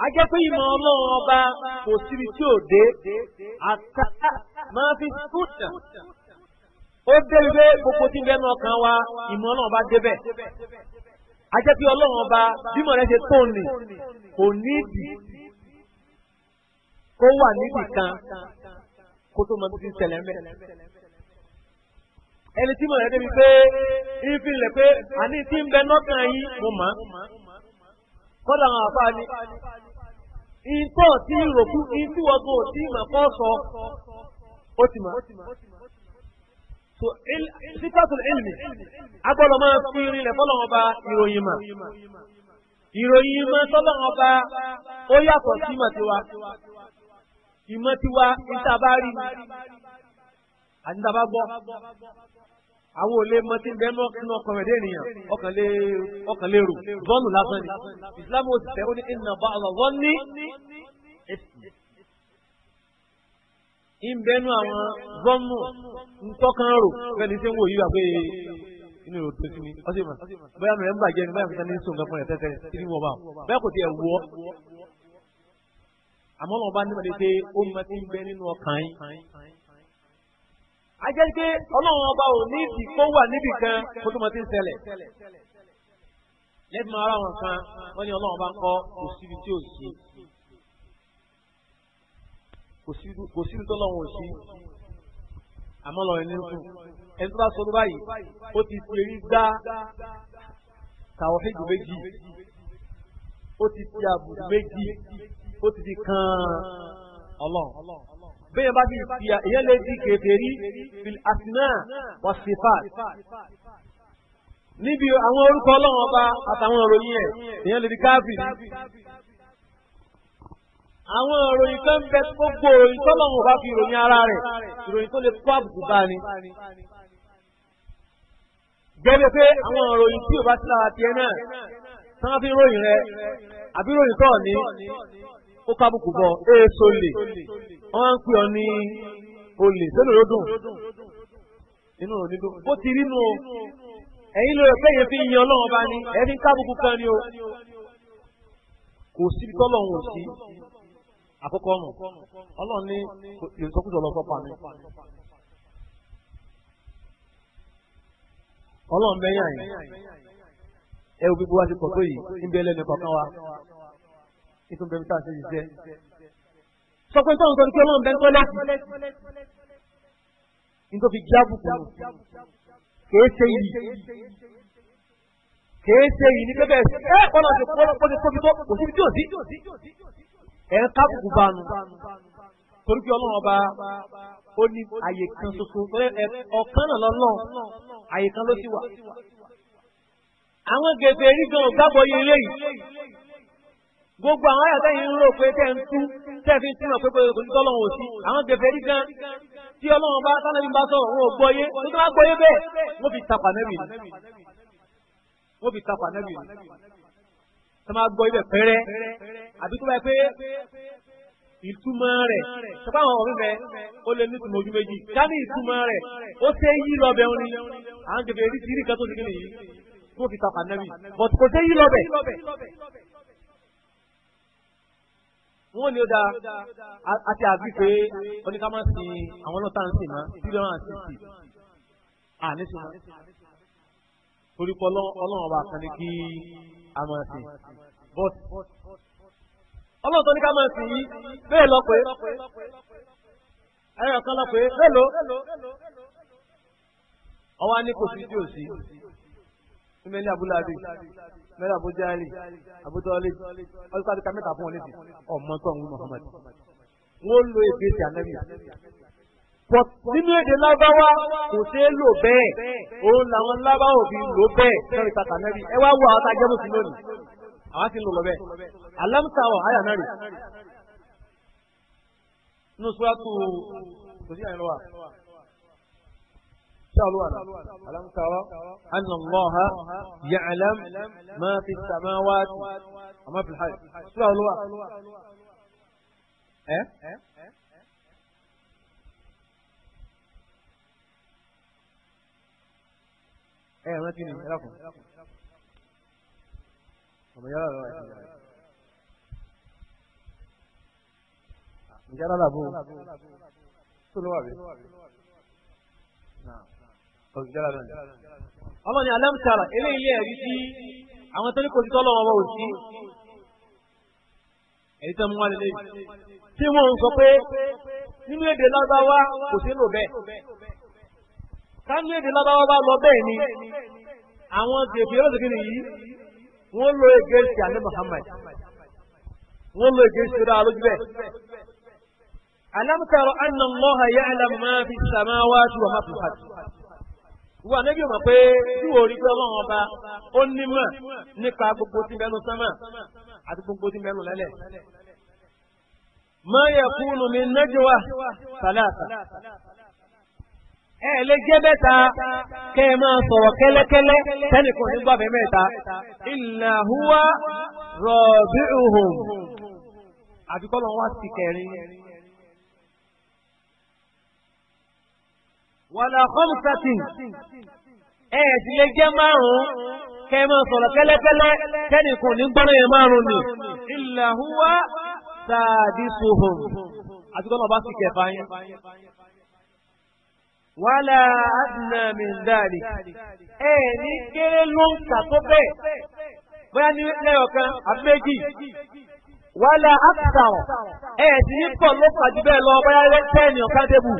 a jẹ́ pé ìmọ̀ ọlọ́run ọba kò síbi tí ò dé àtà máa fi súnà ó débi pé gbogbo tí ń bẹ́ẹ̀ náà kan wa ìmọ̀ ọlọ́run ọba débẹ̀ a jẹ́ pé ọlọ́run ọba bímọ rẹ̀ ṣe tóun ni kò ní ìdí kó wà níbì kan kó tó mọ títí ṣẹlẹ̀ mẹ́. ẹni tí mo rẹ̀ débi pé ìfilẹ̀ pé àní tí ń bẹ nọ́kàn yín mo mọ̀ kọ́dà àwọn àfa ni ìtọ́ tí ìròkú ìtìwọ́gbọ̀n tí ìmọ̀ kọ́ sọ ó ti mọ̀ sifatul ilmi agbọ́dọ̀ máa fi rinlẹ̀ fọlọ́wọ́n ìròyìn mà ìròyìn mà sọ́lọ́wọ́n ó yàtọ̀ sí tiwa ìmọ̀ tiwa níta bá rí àti níta bá gbọ́ àwọn ò lè mọ tí ń bẹ mọ nínú ọkàn rẹ̀ lẹ́nìyàn ọkàn lè rò bọ́ọ̀lù lásán ni ìsìlámù ò sì tẹ́ ó ní ìnà bá ọ̀rọ̀ wọ́n ní ìbẹ́nu àwọn gọ́ọ̀mù ntọ́kan rò fẹ́ni tí ń wò yí wà pé inú ìrò tó sí ni ọsẹ mọ bóyá mẹrẹ ń bàjẹ́ ni bóyá mi ta ní sùn kan fún ẹ tẹ́tẹ́ tí mo bá bẹ́ẹ̀ kò tiẹ̀ wọ́ àmọ́ lọ́ba nímọ̀ ní pé ó mọ ti ń bẹ nínú ọkàn yín. a jẹ́ pé ọlọ́run ọba ò ní ìdí kó wà níbì kan kó tó mọ ti ń ṣẹlẹ̀. lẹ́gbẹ̀ẹ́ ara wọn kan wọ́n ní ọlọ́run ọba ń kọ́ kò síbi tí ò sí. kò síbi tó lọ́run ò sí. àmọ́ lọ́run ní sùn ẹni tó bá sọ báyìí ó ti fi èrí gbá tàwọn méjì ó ti fi àbùkù méjì ó ti di kan ọlọ́run bẹ́ẹ̀ bá ti fi èyàn lè di kèfèrí fil asma wa sifat níbi àwọn orúkọ ọlọ́run ọba àtàwọn òròyìn ẹ̀ èyàn lè di káfírì àwọn òròyìn kan bẹ gbogbo òròyìn tọ́lọ́run ọba fi ìròyìn ara rẹ̀ ìròyìn tó lè kó àbùkù bá ni gẹ́gẹ́ pé àwọn òròyìn tí ò bá sí lára tiẹ̀ náà tí wọ́n fi ròyìn rẹ̀ àbí ròyìn tọ̀ ní ó kábùkù bọ̀ èso lè wọ́n á ń pè ọ́ ní olè sẹ́nu ló dùn inú òní dùn bó ti rí nu o ẹ̀yin lóore pé èyàn fi ń yan ọlọ́run bá ní ẹ̀yin kábùkù kan ni o kò síbi tọ́lọ́run ò sí àkọ́kọ́ nù ọlọ́run ní ìsọkúsọ lọ sọ́pà mi. ọlọ́run bẹ́yàn yìí ẹ wo gbogbo wa ti pọ̀ tó yìí ń bẹ lẹ́nu kọ̀ọ̀kan wa nítorí bẹ́ẹ̀ tá a ṣe yìí jẹ́. sọ pé tó ń sọ ní pé ọlọ́run bẹ́ẹ̀ tó lẹ́sìn nítorí fi jẹ́ àbùkù nù kèé ṣe yìí kèé ṣe yìí ní bẹ́ẹ̀ ẹ ọ̀nà àti pọ́nlẹ̀ tóbi tó kò síbi tí ò sí ẹ̀ ń kábùkù bánu torí pé ọlọ́run ọba ó ní àyè kan ṣoṣo ọ̀kan náà lọ́lọ́run àyè kan ló ti wà. àwọn gègé rí gan gbàgbọ́ yẹn léyìí gbogbo àwọn ayọ̀ tẹ́yìn ń rò pé tẹ́ ń tú tẹ́ fi túmọ̀ pé kò ní tọ́lọ́run ò sí àwọn gẹ̀fẹ́ rí gan tí ọlọ́run bá sálẹ́bí bá sọ̀rọ̀ wọn ò gbọ́yé tó tó bá gbọ́yé bẹ́ẹ̀ wọ́n fi tapà nẹ́bì ni wọ́n fi tapà nẹ́bì ni tó máa gbọ́ ibẹ̀ pẹ́rẹ́ àbí tó bá yẹ pé ìtumọ̀ rẹ̀ sọ́kọ́ àwọn ọ̀rẹ́ rẹ̀ ó lè ní ìtumọ̀ ojú méjì ká ní ìtumọ̀ rẹ̀ ó ṣe é yí lọ́bẹ̀ òní àwọn gẹ̀fẹ́ rí ti rí nǹkan tó ti kí nìyí wọ́n fi tapà nẹ́bì but kò ṣe é yí wọ́n ní ó da àti àbí pé oníkàmọ́sí àwọn náà tàn sí náà three hundred and sixty àní sí wọn. torí pé ọlọ́run ọba kan ní kí a máa sìn but ọlọ́run tó ní yìí bẹ́ẹ̀ lọ pé kan lọ pé lọ ọwọ́ á ní sí mímẹ́lì abúlábì mẹ́lì abújáàlì abútọ́lì ọdún ká mẹ́ta fún ọlẹ́sì ọmọ tó ń wí Muhammad wọ́n lo èdè ti ànẹ́bì but nínú èdè lábáwá kò ṣeé lò bẹ́ẹ̀ òun làwọn lábáwá òbí lò bẹ́ẹ̀ lórí kàkà nẹ́bì ẹ wá wo àwọn tá a jẹ́ mùsùlùmí lónìí àwọn ti ń lò lọ bẹ́ẹ̀ alámùsáwọ̀ àyà náà rè nínú kò sí àyẹ̀lọ́wà. شهوان ألم ترى أن الله يعلم ما في السماوات وما في الحياة شهوان إيه ايه ما تجيني إيه رقم طب يلا لا يلا لا بو كل واحد نعم ọ̀gbìjára náà ni. ọmọ ni alámùsára eléyìí ẹ̀rí sí àwọn tó ní kò sí tọ́lọ́ wọn ò sí. ẹ̀rí tó ń wá lélẹ́yìn. tí wọ́n ń sọ pé nínú èdè lágbáwá kò sí lò bẹ́ẹ̀. kánú èdè lágbáwá bá lọ bẹ́ẹ̀ ni àwọn gèfè yóò dìgbìn wọ́n lo ègé sí àlẹ́ Muhammad wọ́n lo ègé sí ra lójú bẹ́ẹ̀. alámùsára anna Allaha ya'lamu ma fi samawati ìwà nẹ́bí ò mọ̀ pé tí wò rí pé ọlọ́run ọba ó nímọ̀ nípa gbogbo tí mẹ́nu sánmà àti gbogbo tí mẹ́nu lẹ́lẹ̀. ma yakunu min najwa salasa. ẹ lè jẹ́ mẹ́ta kẹ́ ẹ máa sọ̀rọ̀ kẹ́lẹ́kẹ́lẹ́ tẹ́nìkan ní gbàgbé mẹ́ta. illa huwa àbíkọ́ lọ́wọ́ sí kẹrin. wàlà khamsatin ẹ̀ sì lè jẹ́ márùn-ún kẹ́ ẹ máa sọ̀rọ̀ kẹ́lẹ́kẹ́lẹ́ kẹ́nìkan ní gbọ́nà yẹn márùn-ún ni illa huwa sadisuhum àti kọ́nà bá sì kẹfà yẹn. wàlà adna min ẹ̀ ní kéré ló ń kà tó bẹ́ẹ̀ bóyá ní lẹ́yọ̀ kan wàhálà àtàwọn ẹ̀ ti ní pọ̀ ló pàdé bẹ́ẹ̀ lọ báyá tẹ́ẹ̀nì ọ̀kadẹ́bù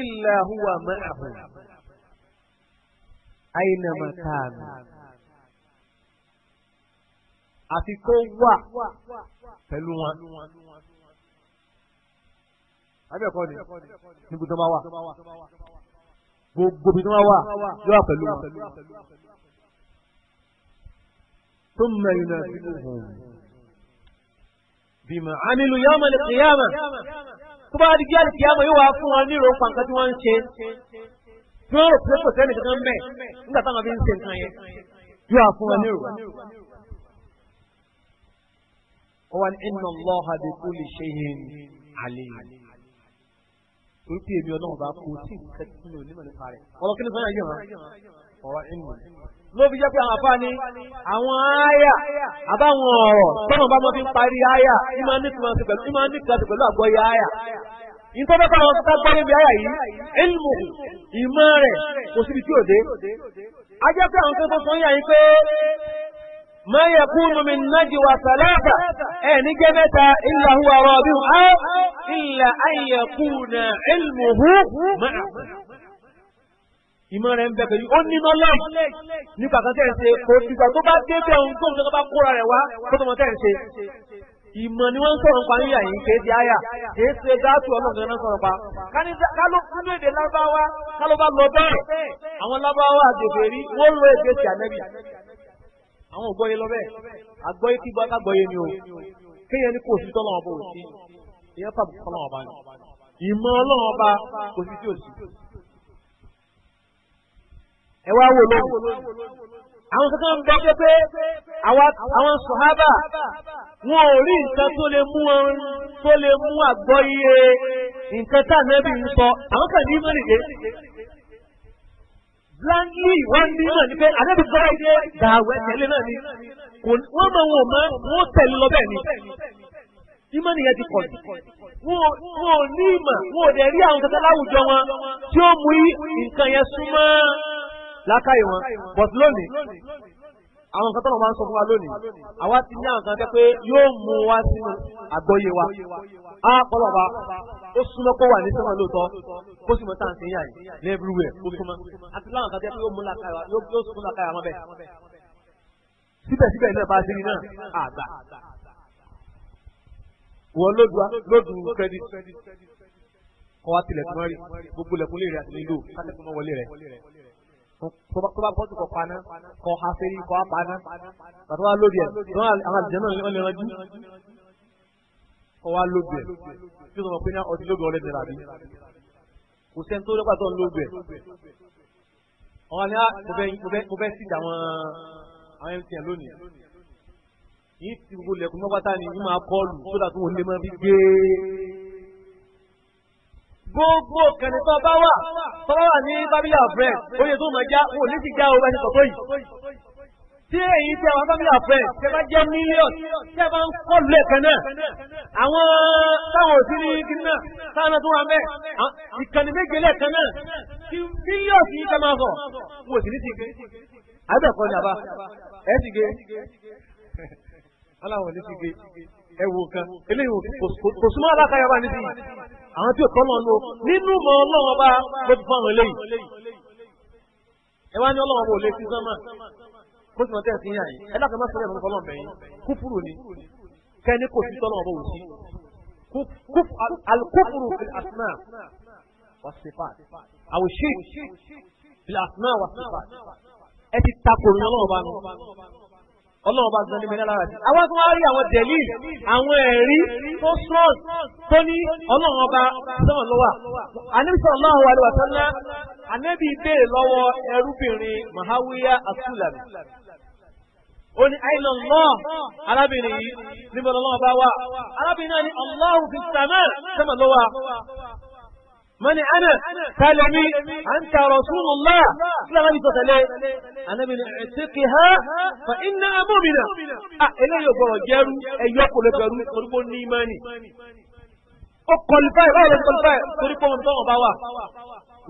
ilẹ̀ àhùwà mẹ́àhù àyìnàmà káàmì àfi kó wà pẹ̀lú wọn. abẹ́ẹ̀kọ́ ni níbi tó máa wà gbogbo ibi tó máa wà yóò wà pẹ̀lú wọn. tó mẹ́rin náà sí ìhùn bima amilu yawma al-qiyama tó bá di gíyà al-qiyama yóò wá fún wọn ní ìròpà nǹkan tí wọ́n ń ṣe tí wọ́n rò pé kò sẹ́ni kankan bẹ́ẹ̀ nígbà táwọn fi ń ṣe nǹkan yẹn yóò wá fún wọn ní ìrò. ó wà ní inna Allaha bi kulli shay'in torí pé èmi ọlọ́run bá kó tí nǹkan tí mi ò nímọ̀ nípa rẹ̀ ọ̀rọ̀ kí ni sọ́yà yìí hàn ọ̀rọ̀ ìmọ̀ ló fi jẹ́ pé àwọn afá ni àwọn áyà àbáwọn ọ̀rọ̀ tọ́nà bá wọn fi ń parí áyà ní máa nítumọ̀ pẹ̀lú ní máa pẹ̀lú àgbọ̀yé áyà ìtọ́jọ́ táwọn tó gbọ́ níbi áyà yìí ìlmù ìmọ̀ rẹ̀ kò síbi tí ò dé a jẹ́ pé àwọn tó sọ ما يكون من نجوى ثلاثة أن جمت إلا هو رابع أو إلا أن يكون علمه معه ìmọ̀ rẹ̀ ń bẹ pẹ̀lú ó ní knowledge nípa kan tẹ̀ ń ṣe kò ìgbà tó bá dé bẹ́ẹ̀ ohun tó ń sọ́kọ́ bá kóra rẹ̀ wá kó tó mọ tẹ̀ ń ṣe ìmọ̀ ni wọ́n ń sọ̀rọ̀ pa níyà yìí kéé àyà kéé ṣe dáàtú ọlọ́run náà sọ̀rọ̀ pa. káló èdè lábáwá káló bá lọ bẹ́ẹ̀ àwọn lábáwá àjèjì rí wọ́n lo èdè ti ànẹ́bì àwọn ògbọ́yé lọ bẹ́ẹ̀ àgbọ́yé kí gbọ́ kágbọ́yé ni o kéèyàn ní kò sí tọ́lọ́ ọba ò sí ìyẹn pàbí tọ́lọ́ ọba ni ìmọ̀ ọlọ́run ọba kò sí tí ò sí. ẹ wá wò lóhùn àwọn kankan gbọ́ pé àwọn sọ̀hábà wọn ò rí nǹkan tó lè mú wọn tó lè mú àgbọ́yé nǹkan tá ànábì ń sọ àwọn kan ní mọ́lìdé blindly wọ́n ní náà ni pé àdébí gbọ́dọ̀ ìdè dàwẹ́ tẹ̀lé náà ni wọ́n mọ̀ wọn mọ̀ wọ́n tẹ̀lé lọ bẹ́ẹ̀ ni ìmọ̀ nìyẹn ti pọ̀ jù wọn ò ní ìmọ̀ wọn ò dẹ̀ rí àwọn kankan láwùjọ wọn tí ó mú nǹkan yẹn súnmọ́ lákàyè wọn but lónìí àwọn nǹkan tó máa ń sọ fún wa lónìí àwa ti ní àwọn kan tẹ́ pé yóò mú wa sínú àgbọ́yé wa á kọ́lọ̀ wa ó súnmọ́ kó wà ní sọ́mọ́ lóòótọ́ kó sì mọ́ tá à ń sìn yà yìí ní everywhere kó súnmọ́ àti láwọn kan tẹ́ pé yóò mú làkàyà yóò sún làkàyà mọ́ bẹ́ẹ̀ síbẹ̀síbẹ̀ náà bá a dérí náà àgbà wọ́n lódù credit kọ́ wa tilẹ̀ tó mọ́ rí gbogbo lẹ̀kún lè rẹ̀ àti nílò ká tó bá kọ́tù kọ́ paná kọ́ haferi kọ́ paná bàtà wà lóbi ẹ̀ tó wà àwọn àjẹ́ náà wọ́n lè rájú kọ́ wà lóbi ẹ̀ tí o sọ pé ní ọtí lóbi ọlẹ́dẹ̀ rà bí kò sẹ́ni tó lọ́pàá tó ń lóbi ẹ̀ ọ̀hún ni mo bẹ́ sí àwọn àwọn mtn lónìí yìí ti gbogbo lẹ́kùn mọ́pátá ni yìí máa kọ́ọ̀lù sódà tó wọlé mọ́ bí gbé gbogbo kẹ̀lé tó bá wà tó bá wà ní bábíyà bread oye tó máa já wò ní ti já owó ẹni sọ̀tọ̀ yìí. tí èyí tí àwọn bábíyà bread tẹ bá jẹ́ mílíọ̀n tẹ bá ń kọ́ lẹ́ẹ̀kan náà àwọn táwọn òsì ní kiri náà táwọn tó wà mẹ́ ìkànnì méje lẹ́ẹ̀kan náà tí mílíọ̀n yìí tẹ máa sọ wò sí ní ti gbé. àbẹ̀kọ ni àbá ẹ̀ ti gbé aláwọ̀ ní ti gbé ẹ̀wù kan eléyìí kò súnmọ́ alákàyà bá níbí àwọn tí ò tọ́ náà lò nínú mọ́ ọlọ́wọ́ bá ló ti fún àwọn eléyìí ẹ wá ní ọlọ́wọ́ bò lè fi sánmà kó sì mọ́ tẹ́ ẹ̀ sí yàn yìí ẹ dákẹ́ má sọ́rọ̀ ẹ̀ lọ́kọ́ lọ́mọ yìí kúfùrù ni kẹ́ni kò sí tọ́lọ́wọ́ bò wò sí alukófùrù fil asma wa sifat aw shirk fil asma wa sifat ẹ ti takò ní ọlọ́wọ́ bá nù ọlọ́run bá gbọ́n ní mẹ́rin lára sí. àwọn tó wá rí àwọn tẹ̀lé àwọn ẹ̀rí tó strong tó ní ọlọ́run ọba sọ̀rọ̀ lọ́wọ́ àníbísí ọlọ́run wa lọ́wọ́ sọ́nà ànẹ́bí béèrè lọ́wọ́ ẹrúbìnrin mahawiya asulami. ó ní àìlọ́ lọ́ arábìnrin yìí níbo lọ́wọ́ bá wà arábìnrin náà ní ọlọ́run fi sàmẹ́ sọ́mọ̀ lọ́wọ́ من أنا سلمي أنت رسول الله لا غني تتلي أنا من اعتقها فإن أمومنا ألا يقول جارو أي يقول جارو قرب النيماني أقل باي غير أقل باي قرب من طوع بوا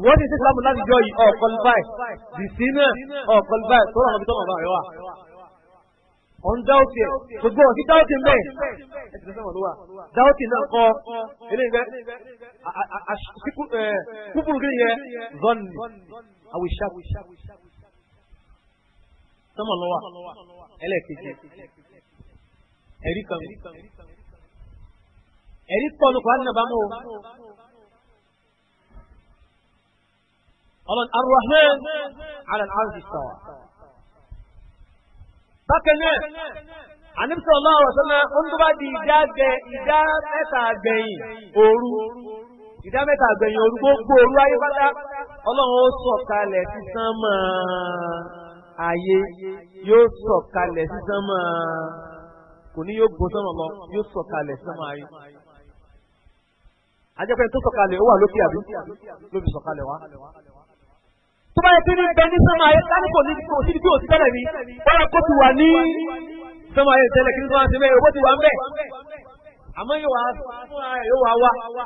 wọ́n ti ṣe ìsìlámù láti jọ yìí ọ̀kọ̀lùbáì dìsínà ọ̀kọ̀lùbáì tó rà wọn ọ̀n dáwọ́tì ẹ̀ gbogbo ọ̀sí dáwọ́tì ń bẹ̀ ẹ̀sìn sọ́mọ̀ ló wà dáwọ́tì náà kọ́ eléyìí kúkúrú kí yẹ zọ́ọ̀nì àwìṣà sọ́mọ̀ ló wà ẹlẹ́ẹ̀kejì ẹ̀rí kan ẹ̀rí pọ̀ ní kwara nàbà mọ́ ọlọ́run arúgbó alẹ́ àrùn ìsọ̀wà. bákan náà àníbísọ̀ ọlọ́run ọ̀sán ó ń tó bá di ìdá mẹ́ta gbẹ̀yìn òru ìdá mẹ́ta gbẹ̀yìn òru gbogbo òru ayé pátá ọlọ́run ó sọ̀kalẹ̀ sísan mọ́ ayé yóò sọ̀kalẹ̀ sísan mọ́ kò ní yóò gbó sọ́nà lọ yóò sọ̀kalẹ̀ sísan mọ́ ayé. ajẹ́pẹ́ tó sọ̀kalẹ̀ ó wà lókè àbí lóbi sọ̀kalẹ̀ wá tó bá yẹ kí ní bẹ ní sọmọ ayé lásìkò ní kò sí ibi òsì tẹ́lẹ̀ ni bọ́lá kó ti wà ní sọmọ ayé tẹ́lẹ̀ kí ní sọmọ ayé tẹ́lẹ̀ owó ti wà ń bẹ̀ àmọ́ yóò wá fún ara yóò wá wá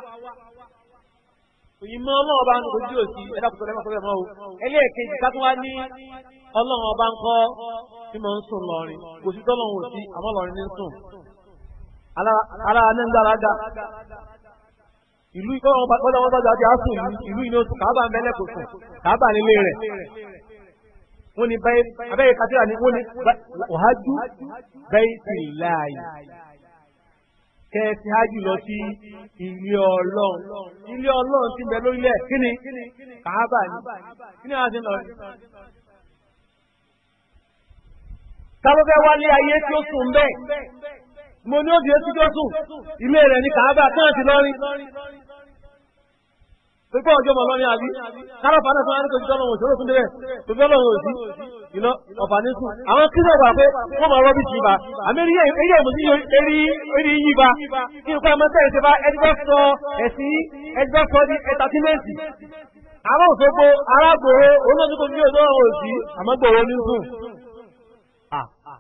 ìmọ̀ ọmọ ọba ń kojú òsì ẹ̀dàkùtọ̀ lẹ́mọ̀ sọ́bẹ̀ mọ́ o ẹlẹ́ẹ̀kejì ká tún wá ní ọlọ́run ọba ń kọ́ tí mo ń sùn lọ́rin kò sí tọ́lọ́run òsì àmọ́ lọ́rin ní sùn alára ní ń ìlú ìkọ́lọ́ wọn tọ́jú àti asùn ìlú ìlú oṣù kàábà ń bẹ́lẹ̀ kò sùn kàábà nílé rẹ̀ wọ́n ní bẹ́ẹ̀ abẹ́yẹ katira ni wọ́n ní ọ̀hájú bẹ́ẹ̀ sì láàyè kẹ́ẹ̀sì hájú lọ sí ilé ọlọ́run ilé ọlọ́run ti bẹ lórílẹ̀ kí ni kàábà ni kí ni wọ́n ti lọ rí. káfẹ́fẹ́ wálé ayé tí ó sùn bẹ́ẹ̀ mo ní òbí ó ti tó sùn ilé rẹ̀ ní kàábà tí wọ́n ti lọ rí pípọ̀ ọjọ́ mọ̀ lọ́ní àbí kárọ̀fà náà fún àríkò ìjọ́ lọ́wọ́ ìṣòro fún dẹ́rẹ́ tó fẹ́ lọ́wọ́ òsì iná ọ̀fà ní sùn. àwọn kí náà wà pé wọ́n mọ̀ rọ́bì tì í ba àmì eré èmù sí eré yí ba kí n pa ọmọ sẹ́yìn ṣe bá ẹgbẹ́ sọ ẹ̀sìn ẹgbẹ́ sọ ní ẹtàtímẹ́ǹtì. àwọn òṣogbo arágbòho olóòtú ní ọjọ́ òsì àmọ́gbòho ní sùn.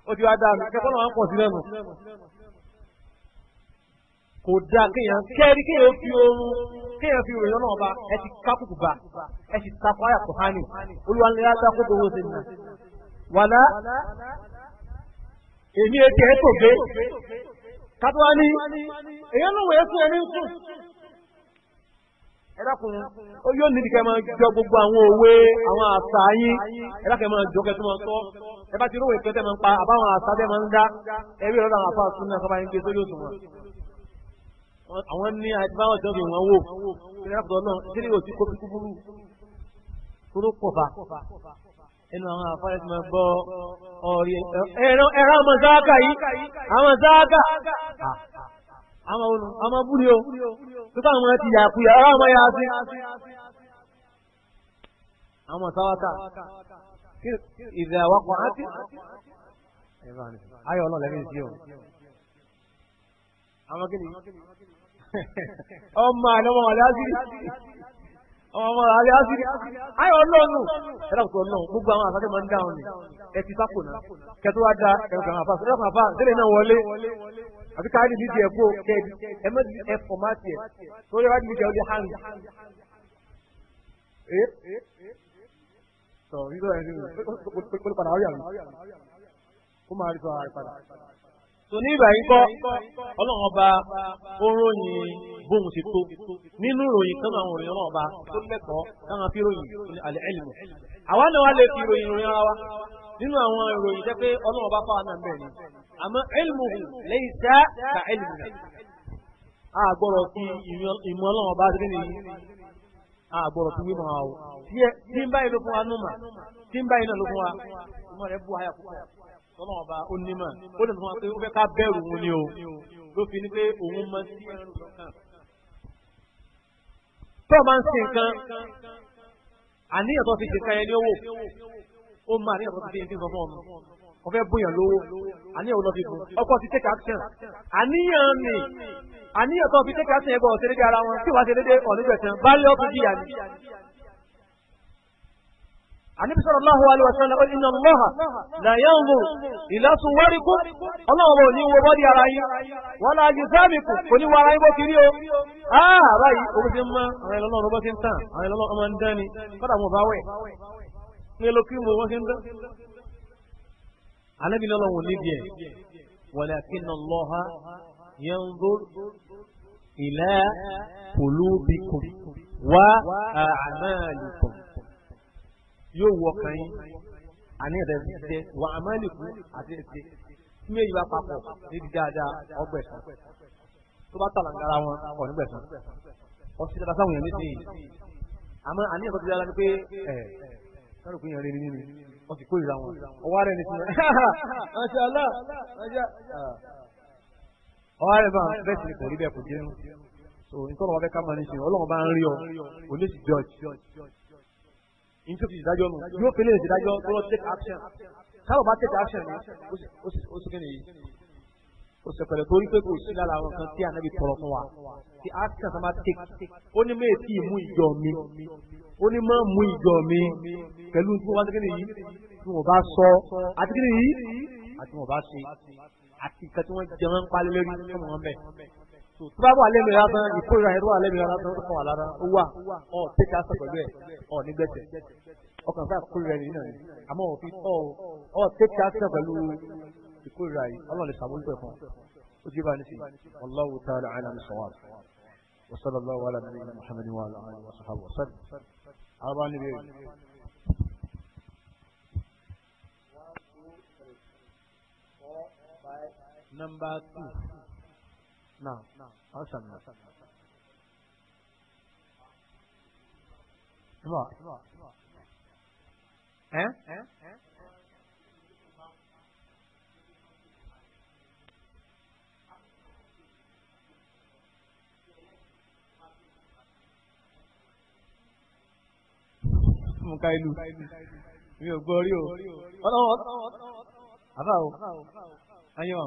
ó ti wá dáa kò dáa kéèyàn kẹ́rí kéèyàn fi oorun kéèyàn fi ròyìn náà bá ẹ ti kákùkù bá ẹ ti takọ àyà kò hání olùwàlẹ́yà dákó gbogbo ṣe nà wàlá èmi ètè tó gbé kátó ní èyàn ló wẹ̀ fún ẹni sùn. ẹ dákun ó yóò máa jọ gbogbo àwọn òwe àwọn àṣà yín ẹ dákun máa jọ máa tọ́ ẹ bá ti rówó ìpẹ́tẹ́ máa ń pa àbáwọn àṣà máa ń dá ẹ rí àwọn àfa àtúnú náà àwọn ní àdìbáwọ̀ tó fi wọ́n wò ìrẹ́pọ̀ náà tírí òtí kó fi kúkúrú kúrú pọ̀fà ẹnu àwọn àfáàrẹ́ ti máa gbọ́ ọ̀rí ẹ̀rọ àwọn záàkà yìí àwọn záàkà àwọn olù àwọn búrí o pípa àwọn ti yàkuyà ọ̀rọ̀ àwọn ya sí àwọn sáwákà ìdè àwakọ̀ àti ayọ̀ ọlọ́ọ̀lẹ́mí sí o àwọn kìnnìkan ọmọ àlọ́mọ àlásìrì ọmọ àlásìrì ayọ̀ ọlọ́nu ẹ̀dàkùtù ọ̀nà gbogbo àwọn àfáàkẹ́ máa ń dáhùn ní ẹ ti sápò náà kẹtù wá da ẹ̀rọ àwọn àfáà ẹ̀rọ àfáà sílẹ̀ náà wọlé àti káàdì nídìí ẹ̀ kó kẹ́ẹ̀dì ẹ mọ́ ẹ fọ̀mátì ẹ̀ sórí wájú nídìí ọdí hàn sọ̀rọ̀ nígbà yẹn kó padà ọ̀yà mi kó máa rí sọ àrẹ padà tó ní ìgbà yìí kọ́ ọlọ́run ọba ó ròyìn bóun ti tó nínú ìròyìn kan àwọn òròyìn ọlọ́run ọba tó lẹ́kọ̀ọ́ káwọn fi ròyìn alẹ́ ẹ̀lìmù àwa náà wá lè fi ìròyìn ìròyìn ara wa nínú àwọn ìròyìn jẹ́ pé ọlọ́run ọba fáwọn náà bẹ́ẹ̀ ni àmọ́ ẹ̀lìmù lẹ́yìn dá ka ẹ̀lìmù náà àgbọ̀rọ̀ fi ìmọ̀ ọlọ́run ọba rí nìyí àgbọ̀rọ̀ fi wímọ̀ wa o tí ń báyìí ló fún wa númà tí ń báyìí náà ló fún wa ìmọ̀ rẹ̀ bú àyà púpọ̀ tọ́lọ́ ọba ó nímọ̀ ó lè sọ pé ó fẹ́ ká bẹ̀rù òun ni o ló fi ní pé òun mọ sí ẹran lọ́kàn. tó o bá ń ṣe nǹkan àníyàn tó fi ṣe kan ẹni owó ó máa àníyàn tó fi ṣe ẹni sọ fún ọmọ wọ́n fẹ́ bóyá lówó àníyàn lọ́ fi bù ọkọ̀ ti take action àníyàn ni àníyàn tó fi take action yẹn gbọ́ ọ̀sẹ̀ dédé ara wọn tí wàá ṣe dédé ọ̀nìgbẹ̀sán bá lé ọ́ àníbi sọ̀rọ̀ láhùn alẹ́ wàṣẹ́lẹ̀ ó iná lọ́hà lẹ́yìn mú ìlẹ́sùn wọ́ríkú ọlọ́run ò ní wo bọ́dí ara yín wọ́n láà yìí sẹ́mìkù kò ní wo ara yín bó kiri o ààrá ah, yìí owó ti ń mọ àwọn ẹlọ́lọ́run bó ti ń tàn àwọn ẹlọ́lọ́run ọmọ ń dán kọ́dà mo bá wẹ̀ ní ló mo wọ́n ti ń dán. àníbi lọ́lọ́run ò ní ẹ̀ wọlé akínà lọ́ha yẹn yóò wọ ọkàn yín àní rẹ̀ ti tẹ wà á máa lè kú àti ẹsẹ̀ tí wọ́n yíwa papọ̀ níbi dáadáa ọgbẹ̀sán tó bá tàlàngara wọn ọ̀ nígbẹ̀sán ọtí dada sáwọn yẹn nísìnyí àmọ́ àní ẹ̀kọ́ ti dára ni pé ẹ̀ sáré kò yẹn rẹ nínú wọn ti kórìíra wọn ọwọ́ rẹ̀ ní sinmi ọ̀ṣẹ́ ọlá ọ̀ṣẹ́ ọwọ́ rẹ̀ bá bẹ́ẹ̀ sì ni kò rí bẹ́ẹ̀ kò jẹun so nítorí wọn fẹ́ ká máa ní sinmi ọlọ́run bá ń nítorí fi ìdájọ́ nù yóò fi léèrè ìdájọ́ tó lọ take action táwọn bá take action ni ó sì kéde yìí ó sẹpẹlẹ torí pé kò sí lára àwọn kan tí ànábì tọrọ fún wa tí action tó máa take ó ní mẹ́ẹ̀ tí mú ìjọ mi ó ní máa mú ìjọ mi pẹ̀lú tí wọ́n bá kéde yìí tí wọ́n bá sọ àti kéde yìí àti wọ́n bá ṣe àti ìkàtí wọ́n jẹun ń palẹ́ lórí fún wọn bẹ́ẹ̀ tó bá wà lẹ́nu ìyá tán ìkórira yẹn tó wà lẹ́nu ìyá tán tó kàn wà lára ó wà ọ tẹ́ka sọ pẹ̀lú ẹ̀ ọ nígbẹ̀sẹ̀ ọkàn sáà kórira yìí náà ni àmọ́ òfin ọ ọ tẹ́ka sọ pẹ̀lú ìkórira yìí ọlọ́run lè sàmójútó ẹ̀fọn ó jí bá ní sí Allahu ta'ala a'lam sọ̀wá وصلى الله على نبينا محمد وعلى اله وصحبه وسلم. أربعة نبي number two. نعم أسمع ما ها ìlú mi ò gbọ́ rí o ọlọ́wọ́ àbáwo ayọ̀.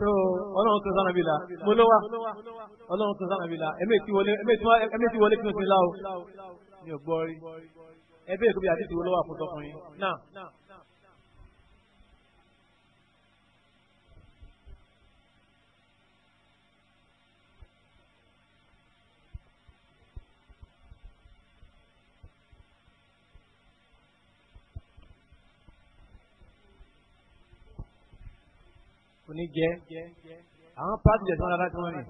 so ọlọ́run tó sára bìlà mo ló wá ọlọ́run tó sára bìlà ẹ̀mẹ́tì wọlé kí n ti láwọ mi ò gbọ́ rí ẹbí èkó bí àdìsí wo ló wà fún tọkùnrin náà. kò ní jẹ́ àwọn pàtì jẹ̀ sọ́ra láti wọ́n rìn.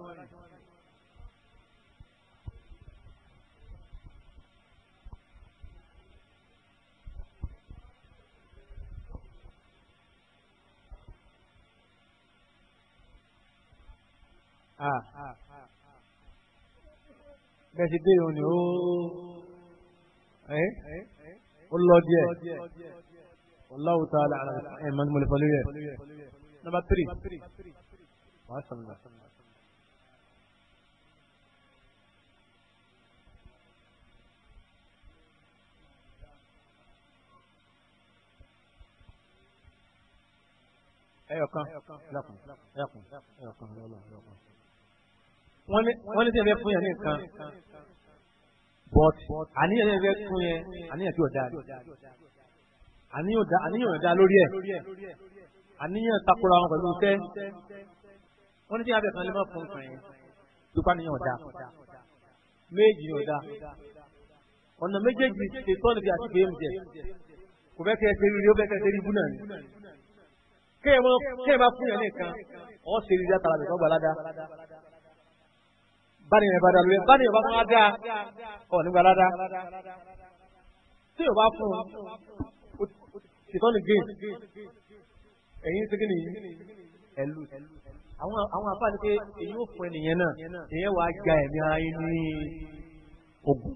bẹ́ẹ̀ ti béèrè òní ó ó lọ díẹ̀ Wallahu ta'ala ẹ̀ máa ń mọ̀lẹ́fọ́ lórí ẹ̀ number three wàá sàmìlà. ẹyọkan ẹyọkan ẹyọkan ẹyọkan wọ́n ní tí ẹ fún yẹn ní nǹkan but àníyàn ẹ fẹ́ fún yẹn àníyàn tí ò dáa àníyàn ò dáa lórí ẹ̀ àníyàn takora wọn pẹ̀lú iṣẹ́ wọn ní tí abẹ kan lè má fún nǹkan yẹn tó bá níyàn ọ̀dà méjì ní ọ̀dà ọ̀nà méjèèjì ṣe tọ́nù bí àti bẹ́ẹ̀ jẹ kò fẹ́ kẹ́ ẹ ṣe rí rí ó fẹ́ kẹ́ ẹ ṣe rí ibú náà ni kéèyàn bá fún yàn nìkan ọ̀ ṣe rí rí àtàlà mi kan gbà ládàá báni yẹn bá dalóye báni yẹn bá fún adá ọ nígbà ládá tí yóò bá fún un ṣìtọ́ gé ẹ̀yin ti gíní ẹ̀lú àwọn àwọn afáàní pé èyí ò fún ẹnìyẹn náà èyẹ wàá gba ẹ̀mí ara yín ní ogun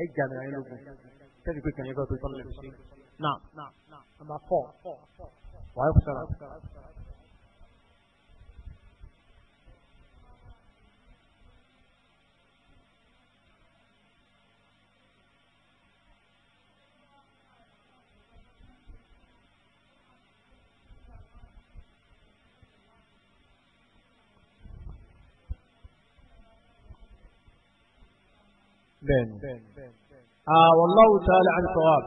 ẹ̀ gba ẹ̀mí ara yín lógun tẹ́lẹ̀ pé kàn yín gbọ́dọ̀ tó tọ́lẹ̀ fi ṣe. náà nàmbà fọ́ wàá kùsọ̀rọ̀. bẹ́ẹ̀ni ah, wallahu ta'ala an sawab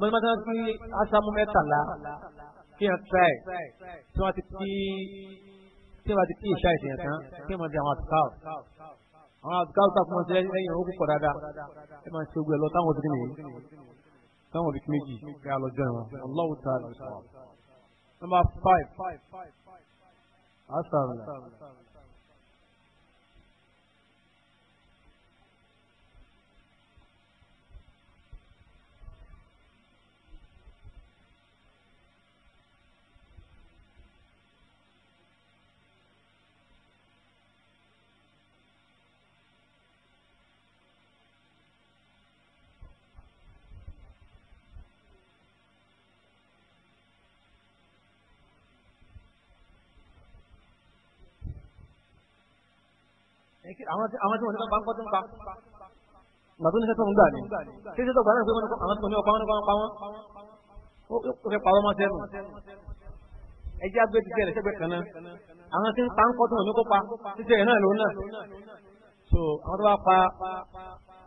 mọ̀nà máa ti aṣáájú mẹ́tàlá kí n try tí wọ́n ti kí tí wọ́n ti kí ìṣá ìṣẹ̀yàn tán kí wọ́n ti àwọn àtúkàwọ̀ àwọn àtúkàwọ̀ tá a fún wọn sí lẹ́yìn dáadáa ẹ máa ń ṣe ogun ẹ̀ lọ táwọn òbí nìyí táwọn òbí méjì kí a lọ jọ ìwọ̀n wallahu ta'ala an sawab. number five asàrùn. àwọn tí wọ́n ti bá ń kọ́ tó ń pa gbàtó ní sẹ́tọ̀ ń gbà ní kí sẹ́tọ̀ gbà náà pé àwọn tí wọ́n ní ọ̀pá wọn pa wọ́n ó fẹ́ pa wọ́n mọ́ sẹ́nu ẹjẹ́ agbé ti tẹ̀lé sẹ́gbẹ̀ẹ́ kan náà àwọn tí ń pa ń kọ́ tó wọn ní kópa títẹ̀ ẹ̀ náà ló náà so àwọn tó bá pa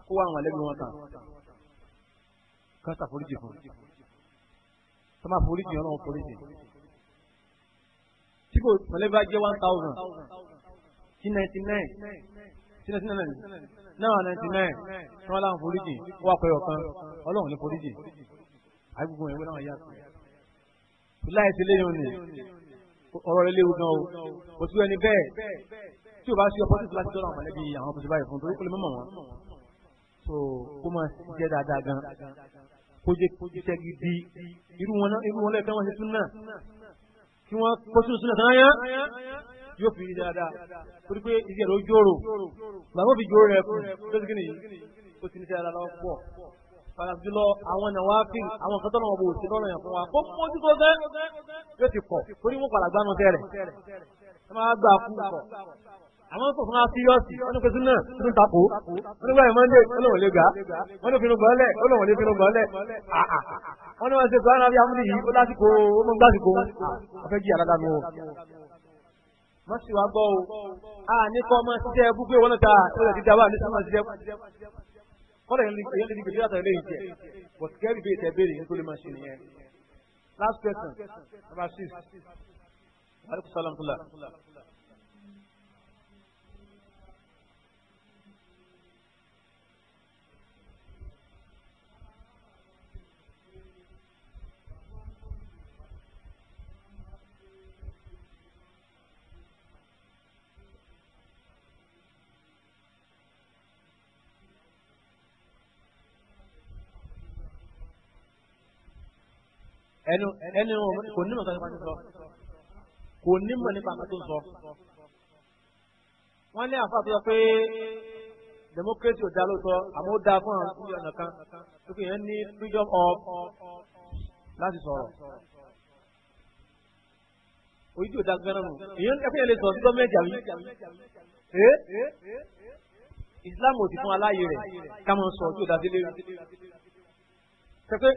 kó wà wọn lẹ́nu wọn tàn kan ta foríjì fún tó máa foríjì ọlọ́run foríjì tí kò mọ̀lẹ́bí bá jẹ́ one thousand sí ninety nine sí ninety nine náà ninety nine tí wọ́n láwọn foríjì ó wà pẹ́yọ̀ kan ọlọ́run ní foríjì àgbègbè ìwé náà yàtọ̀ láì sí lẹ́yìn òní ọ̀rọ̀ rẹ̀ léwu gan o kò sí ẹni bẹ́ẹ̀ tí o bá sí ọpọ́sítì láti dọ́là àwọn ẹbí àwọn ọmọdé báyìí fún torí kò lè mọ̀ wọ́n so kó máa jẹ́ dáadáa gan kó jẹ́ iṣẹ́ gidi irú wọn lẹ́ẹ̀kan wọn ṣe tún náà kí wọ́n kó sínú sínú àtàwọn yẹn yóò fi rí dáadáa torí pé iṣẹ́ rẹ̀ ó jòrò màmá fi jòrò rẹ̀ kù lóṣù kìíní ó ti ní sẹ́yà lọ́wọ́ pọ̀ padà jùlọ àwọn ìnáwó àfin àwọn nǹkan tọ́lọ́wọ́ bò sí lọ́nà yẹn fún wa kó mójú tó gẹ́ yóò ti pọ̀ torí wọn padà gbánu tẹ́rẹ̀ ẹ máa gbà kú pọ̀ àwọn tó fún wa síríọ́sì wọn ní pẹ̀sí náà tó ń takò wọn ní báyìí mọ́ndé olóhùn lè gà wọn ní finú gbọ́lẹ̀ olóhùn lè finú gbọ́lẹ̀ wọn ní wọn ṣe gbọ́lẹ̀ àbí amúlẹ̀ yìí ó lásìkò ó mọ́ gbásìkò àfẹ́jì àdáda nù má sì wá gbọ́ o a ní kọ́ ọmọ ṣiṣẹ́ ẹbú pé wọ́n ta ọ̀rẹ́ ti dábàá ní sọ́mọ ṣiṣẹ́ kọ́lẹ̀ èyí lè di gbèsè látàrí lẹ́yìn jẹ but kẹ́rì bíi tẹ̀ béèrè ní lè máa ṣe nìyẹn last question number six ẹnu ẹnu kò nímọ̀ nípa tó sọ kò nímọ̀ nípa tó sọ. wọ́n ní àfa tó sọ pé democracy ò dá lóòótọ́ àmọ́ ó dáa fún àwọn ìlú ọ̀nà kan tó kì í yẹn ní freedom of láti sọ̀rọ̀. òyìn tí ò dá gbẹ́rẹ́ nù èyàn ẹ̀fẹ́ yẹn lè sọ̀rọ̀ sí gọ́ọ̀mẹ̀ntì àwí. Islam ò ti fún aláyè rẹ̀ ká máa sọ̀rọ̀ tí ò dá sílé rí pẹpẹ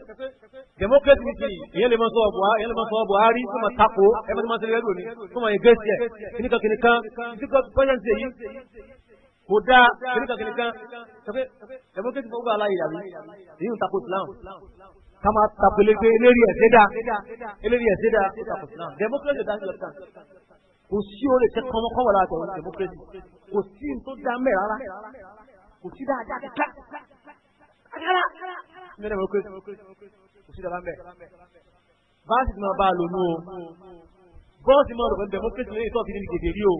democracy ni ti ìyẹn lè máa sọ buhari ìyẹn lè máa sọ buhari tó máa tako ẹgbẹ́ tó máa ṣe lẹ́rù ni tó máa ẹgbẹ́ sí ẹ̀ kìnìkan kìnìkan ìdíkọ̀ pẹ́yẹ́n sí èyí kò dáa kìnìkan kìnìkan pẹpẹ democracy fọwọ́ aláyè àbí èyí ń tako islam ká máa tako eléyìí eléyìí ẹ̀sẹ̀ dáa eléyìí ẹ̀sẹ̀ dáa ó tako islam democracy dáa sí ọ̀tá kò sí o lè tẹ kọ́mọkọ́mọ láti ọ̀hún democracy kò sí n tó dá mẹ́ rárá kò sí dáadáa kíkà nínú ẹ̀rọ pé kò sí ìdábàá mẹ́. báàsì ti máa bá a lò nù o bọ́ọ̀sì máa lò pẹ̀lú democracy lórí ìtọ́ ìdílé gèdè rí o.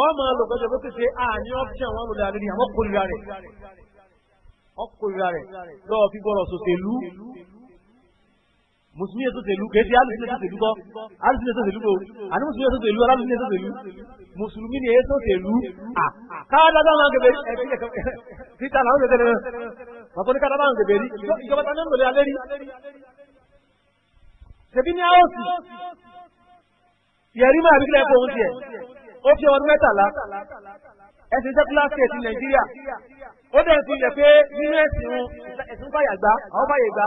ọ̀ máa lò pẹ̀lú democracy àní option wọn lò lálẹ́ ní àwọn kórìíra rẹ̀ ọkùnrin rẹ̀ lọ́wọ́ fi gbọ́rọ̀ sòtèlú mùsùlùmí sòtèlú kèsì alùsùlùmí sòtèlú kọ́ alùsùlùmí sòtèlú kọ́ àní mùsùlùmí sòtèlú alùsùlùmí sòtèlú mùsùlùmí ni èyí sòtèlú à káwá dáadáa máa ń kébé ẹ̀kí àtọ́ni ká dábàá nǹkan bẹ̀rí ìjọba ta ní ń lòlẹ́ alẹ́rí. ṣèbí ní áwòsì yẹ̀rí máa bí kílẹ̀ kó oúnjẹ ẹ̀ ó fi ọdún mẹ́tàlá ẹ̀sìn secular state nàìjíríà ó dẹ̀ fi ilẹ̀ pé nínú ẹ̀sìn wọn ẹ̀sìn fàyà gbá àwọn fàyè gbá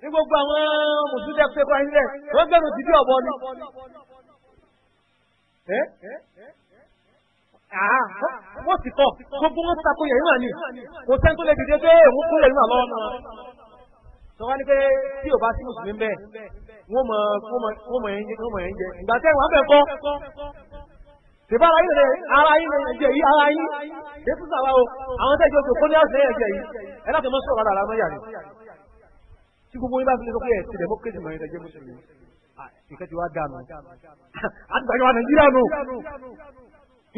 ní gbogbo àwọn mùsùlùmí ẹ̀kọ́ ẹ̀kọ́ ẹ̀sìn rẹ̀ wọ́n gbẹ̀rù ti bí ọ̀bọ ni wọ́n sì kọ́ gbogbo wọn sako yẹn náà ni kò sẹ́ni tó lè dìde pé òun kúrò nínú àlọ́ ọmọ sọ wá ní pé tí ò bá sí mùsùlùmí bẹ́ẹ̀ wọ́n mọ̀ wọ́n mọ̀ ẹ̀yìn wọ́n mọ̀ ẹ̀yìn jẹ ìgbà tẹ́ wọ́n bẹ̀ kọ́ tìbá ara yín lè ara yín lè ẹ̀jẹ̀ yìí ara yín lè fún o àwọn tẹ́jọ́ tó kó ní àṣẹ ẹ̀jẹ̀ yìí ẹ láti mọ sọ̀rọ̀ ara mọ́ yàrá tí gbogbo yín bá fi lè sọ pé ẹ̀ democracy mọ̀ ẹ̀jẹ̀ mùsùlùmí nǹkan ah, ti wá dànù àti gbàgbọ́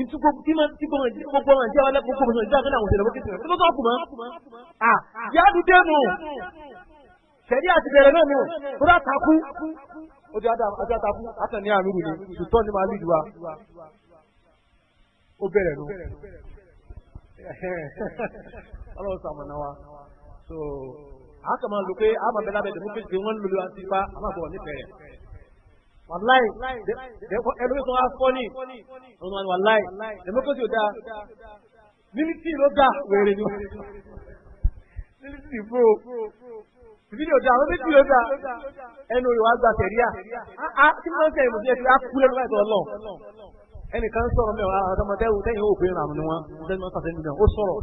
ntu gbogbo tí máa ti gbogbo ẹ̀jẹ̀ gbogbo ẹ̀jẹ̀ wa lẹ́kọ̀ọ́ gbogbo ẹ̀jẹ̀ àgbẹ̀ làwọn òṣèlú kékeré kí ló tó kùmọ́. à yáàdù dénú sẹ́dí àti bẹ̀rẹ̀ náà nù kúrò àtàkù ó di àti àtàkù àtàn ní àmì rù ni ṣùtọ́ ni màá lùdùwà ó bẹ̀rẹ̀ nù. ọlọ́run sàmọ̀nà wa so àkàmọ̀ lò pé àmọ̀ bẹ́lá bẹ́ẹ̀ dẹ̀ mú pé wọ́n lò lọ́wọ́ wàláì ẹlòmí sọ wá fọ́nì ọmọ wàláì democracy ò dáa military ló dáa wèrè ni military fún o fídíò dáa àwọn méjì ló dáa ẹnu ìwà gba tẹ̀ríà kí ló ń tẹ̀ ìmọ̀ sí ẹ̀sìn akúlẹ̀ lọ́wọ́ ẹ̀sọ́ lọ ẹnìkan ń sọ̀rọ̀ mẹ́wàá àwọn ah, ọmọdéwù tẹ́yìn ó gbé ràn wọn lẹ́nu ọ̀sán tẹ́yìn náà ó sọ̀rọ̀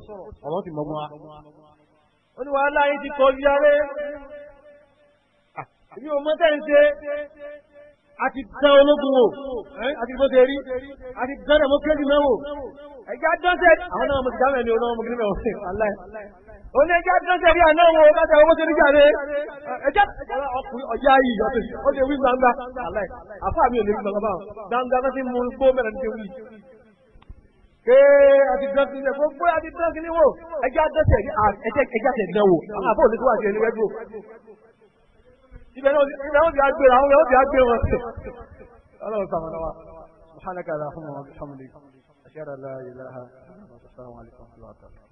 ọ̀rọ̀ ti mọ̀ mọ́ wa. ó ní wàhálà yìí ti kọjú yàrá ah, èmi ò mọ tẹ́yìn ṣe àti dán ológun wò àti bó ṣe rí àti dán democracy náà wò ẹ̀jẹ̀ àdánsẹ̀ àwọn náà mo ti dáhùn ẹni o náà mo kiri mẹ́wọ̀n aláì ó ní ẹ̀jẹ̀ àdánsẹ̀ rí àná wo láti àwọn mọ́tò níjà rẹ̀ ẹ̀jẹ̀ ọkùnrin ọ̀yá yìí ọ̀tẹ̀ ó ti wí gbangba aláì àfa mi ò ní wí gbangba báwọn gbangba bá ti mú gbó mẹ́rin ti wí. Ee àti dán kí ni ẹ̀fọ́ gbé àti dán kí ni wò ẹ̀jẹ̀ àdánsẹ̀ ẹ̀jẹ̀ àtẹ̀dánwò àwọn àbọ̀ سبحانك اللهم وبحمدك اشهد ان لا اله الا انت استغفرك الله اليك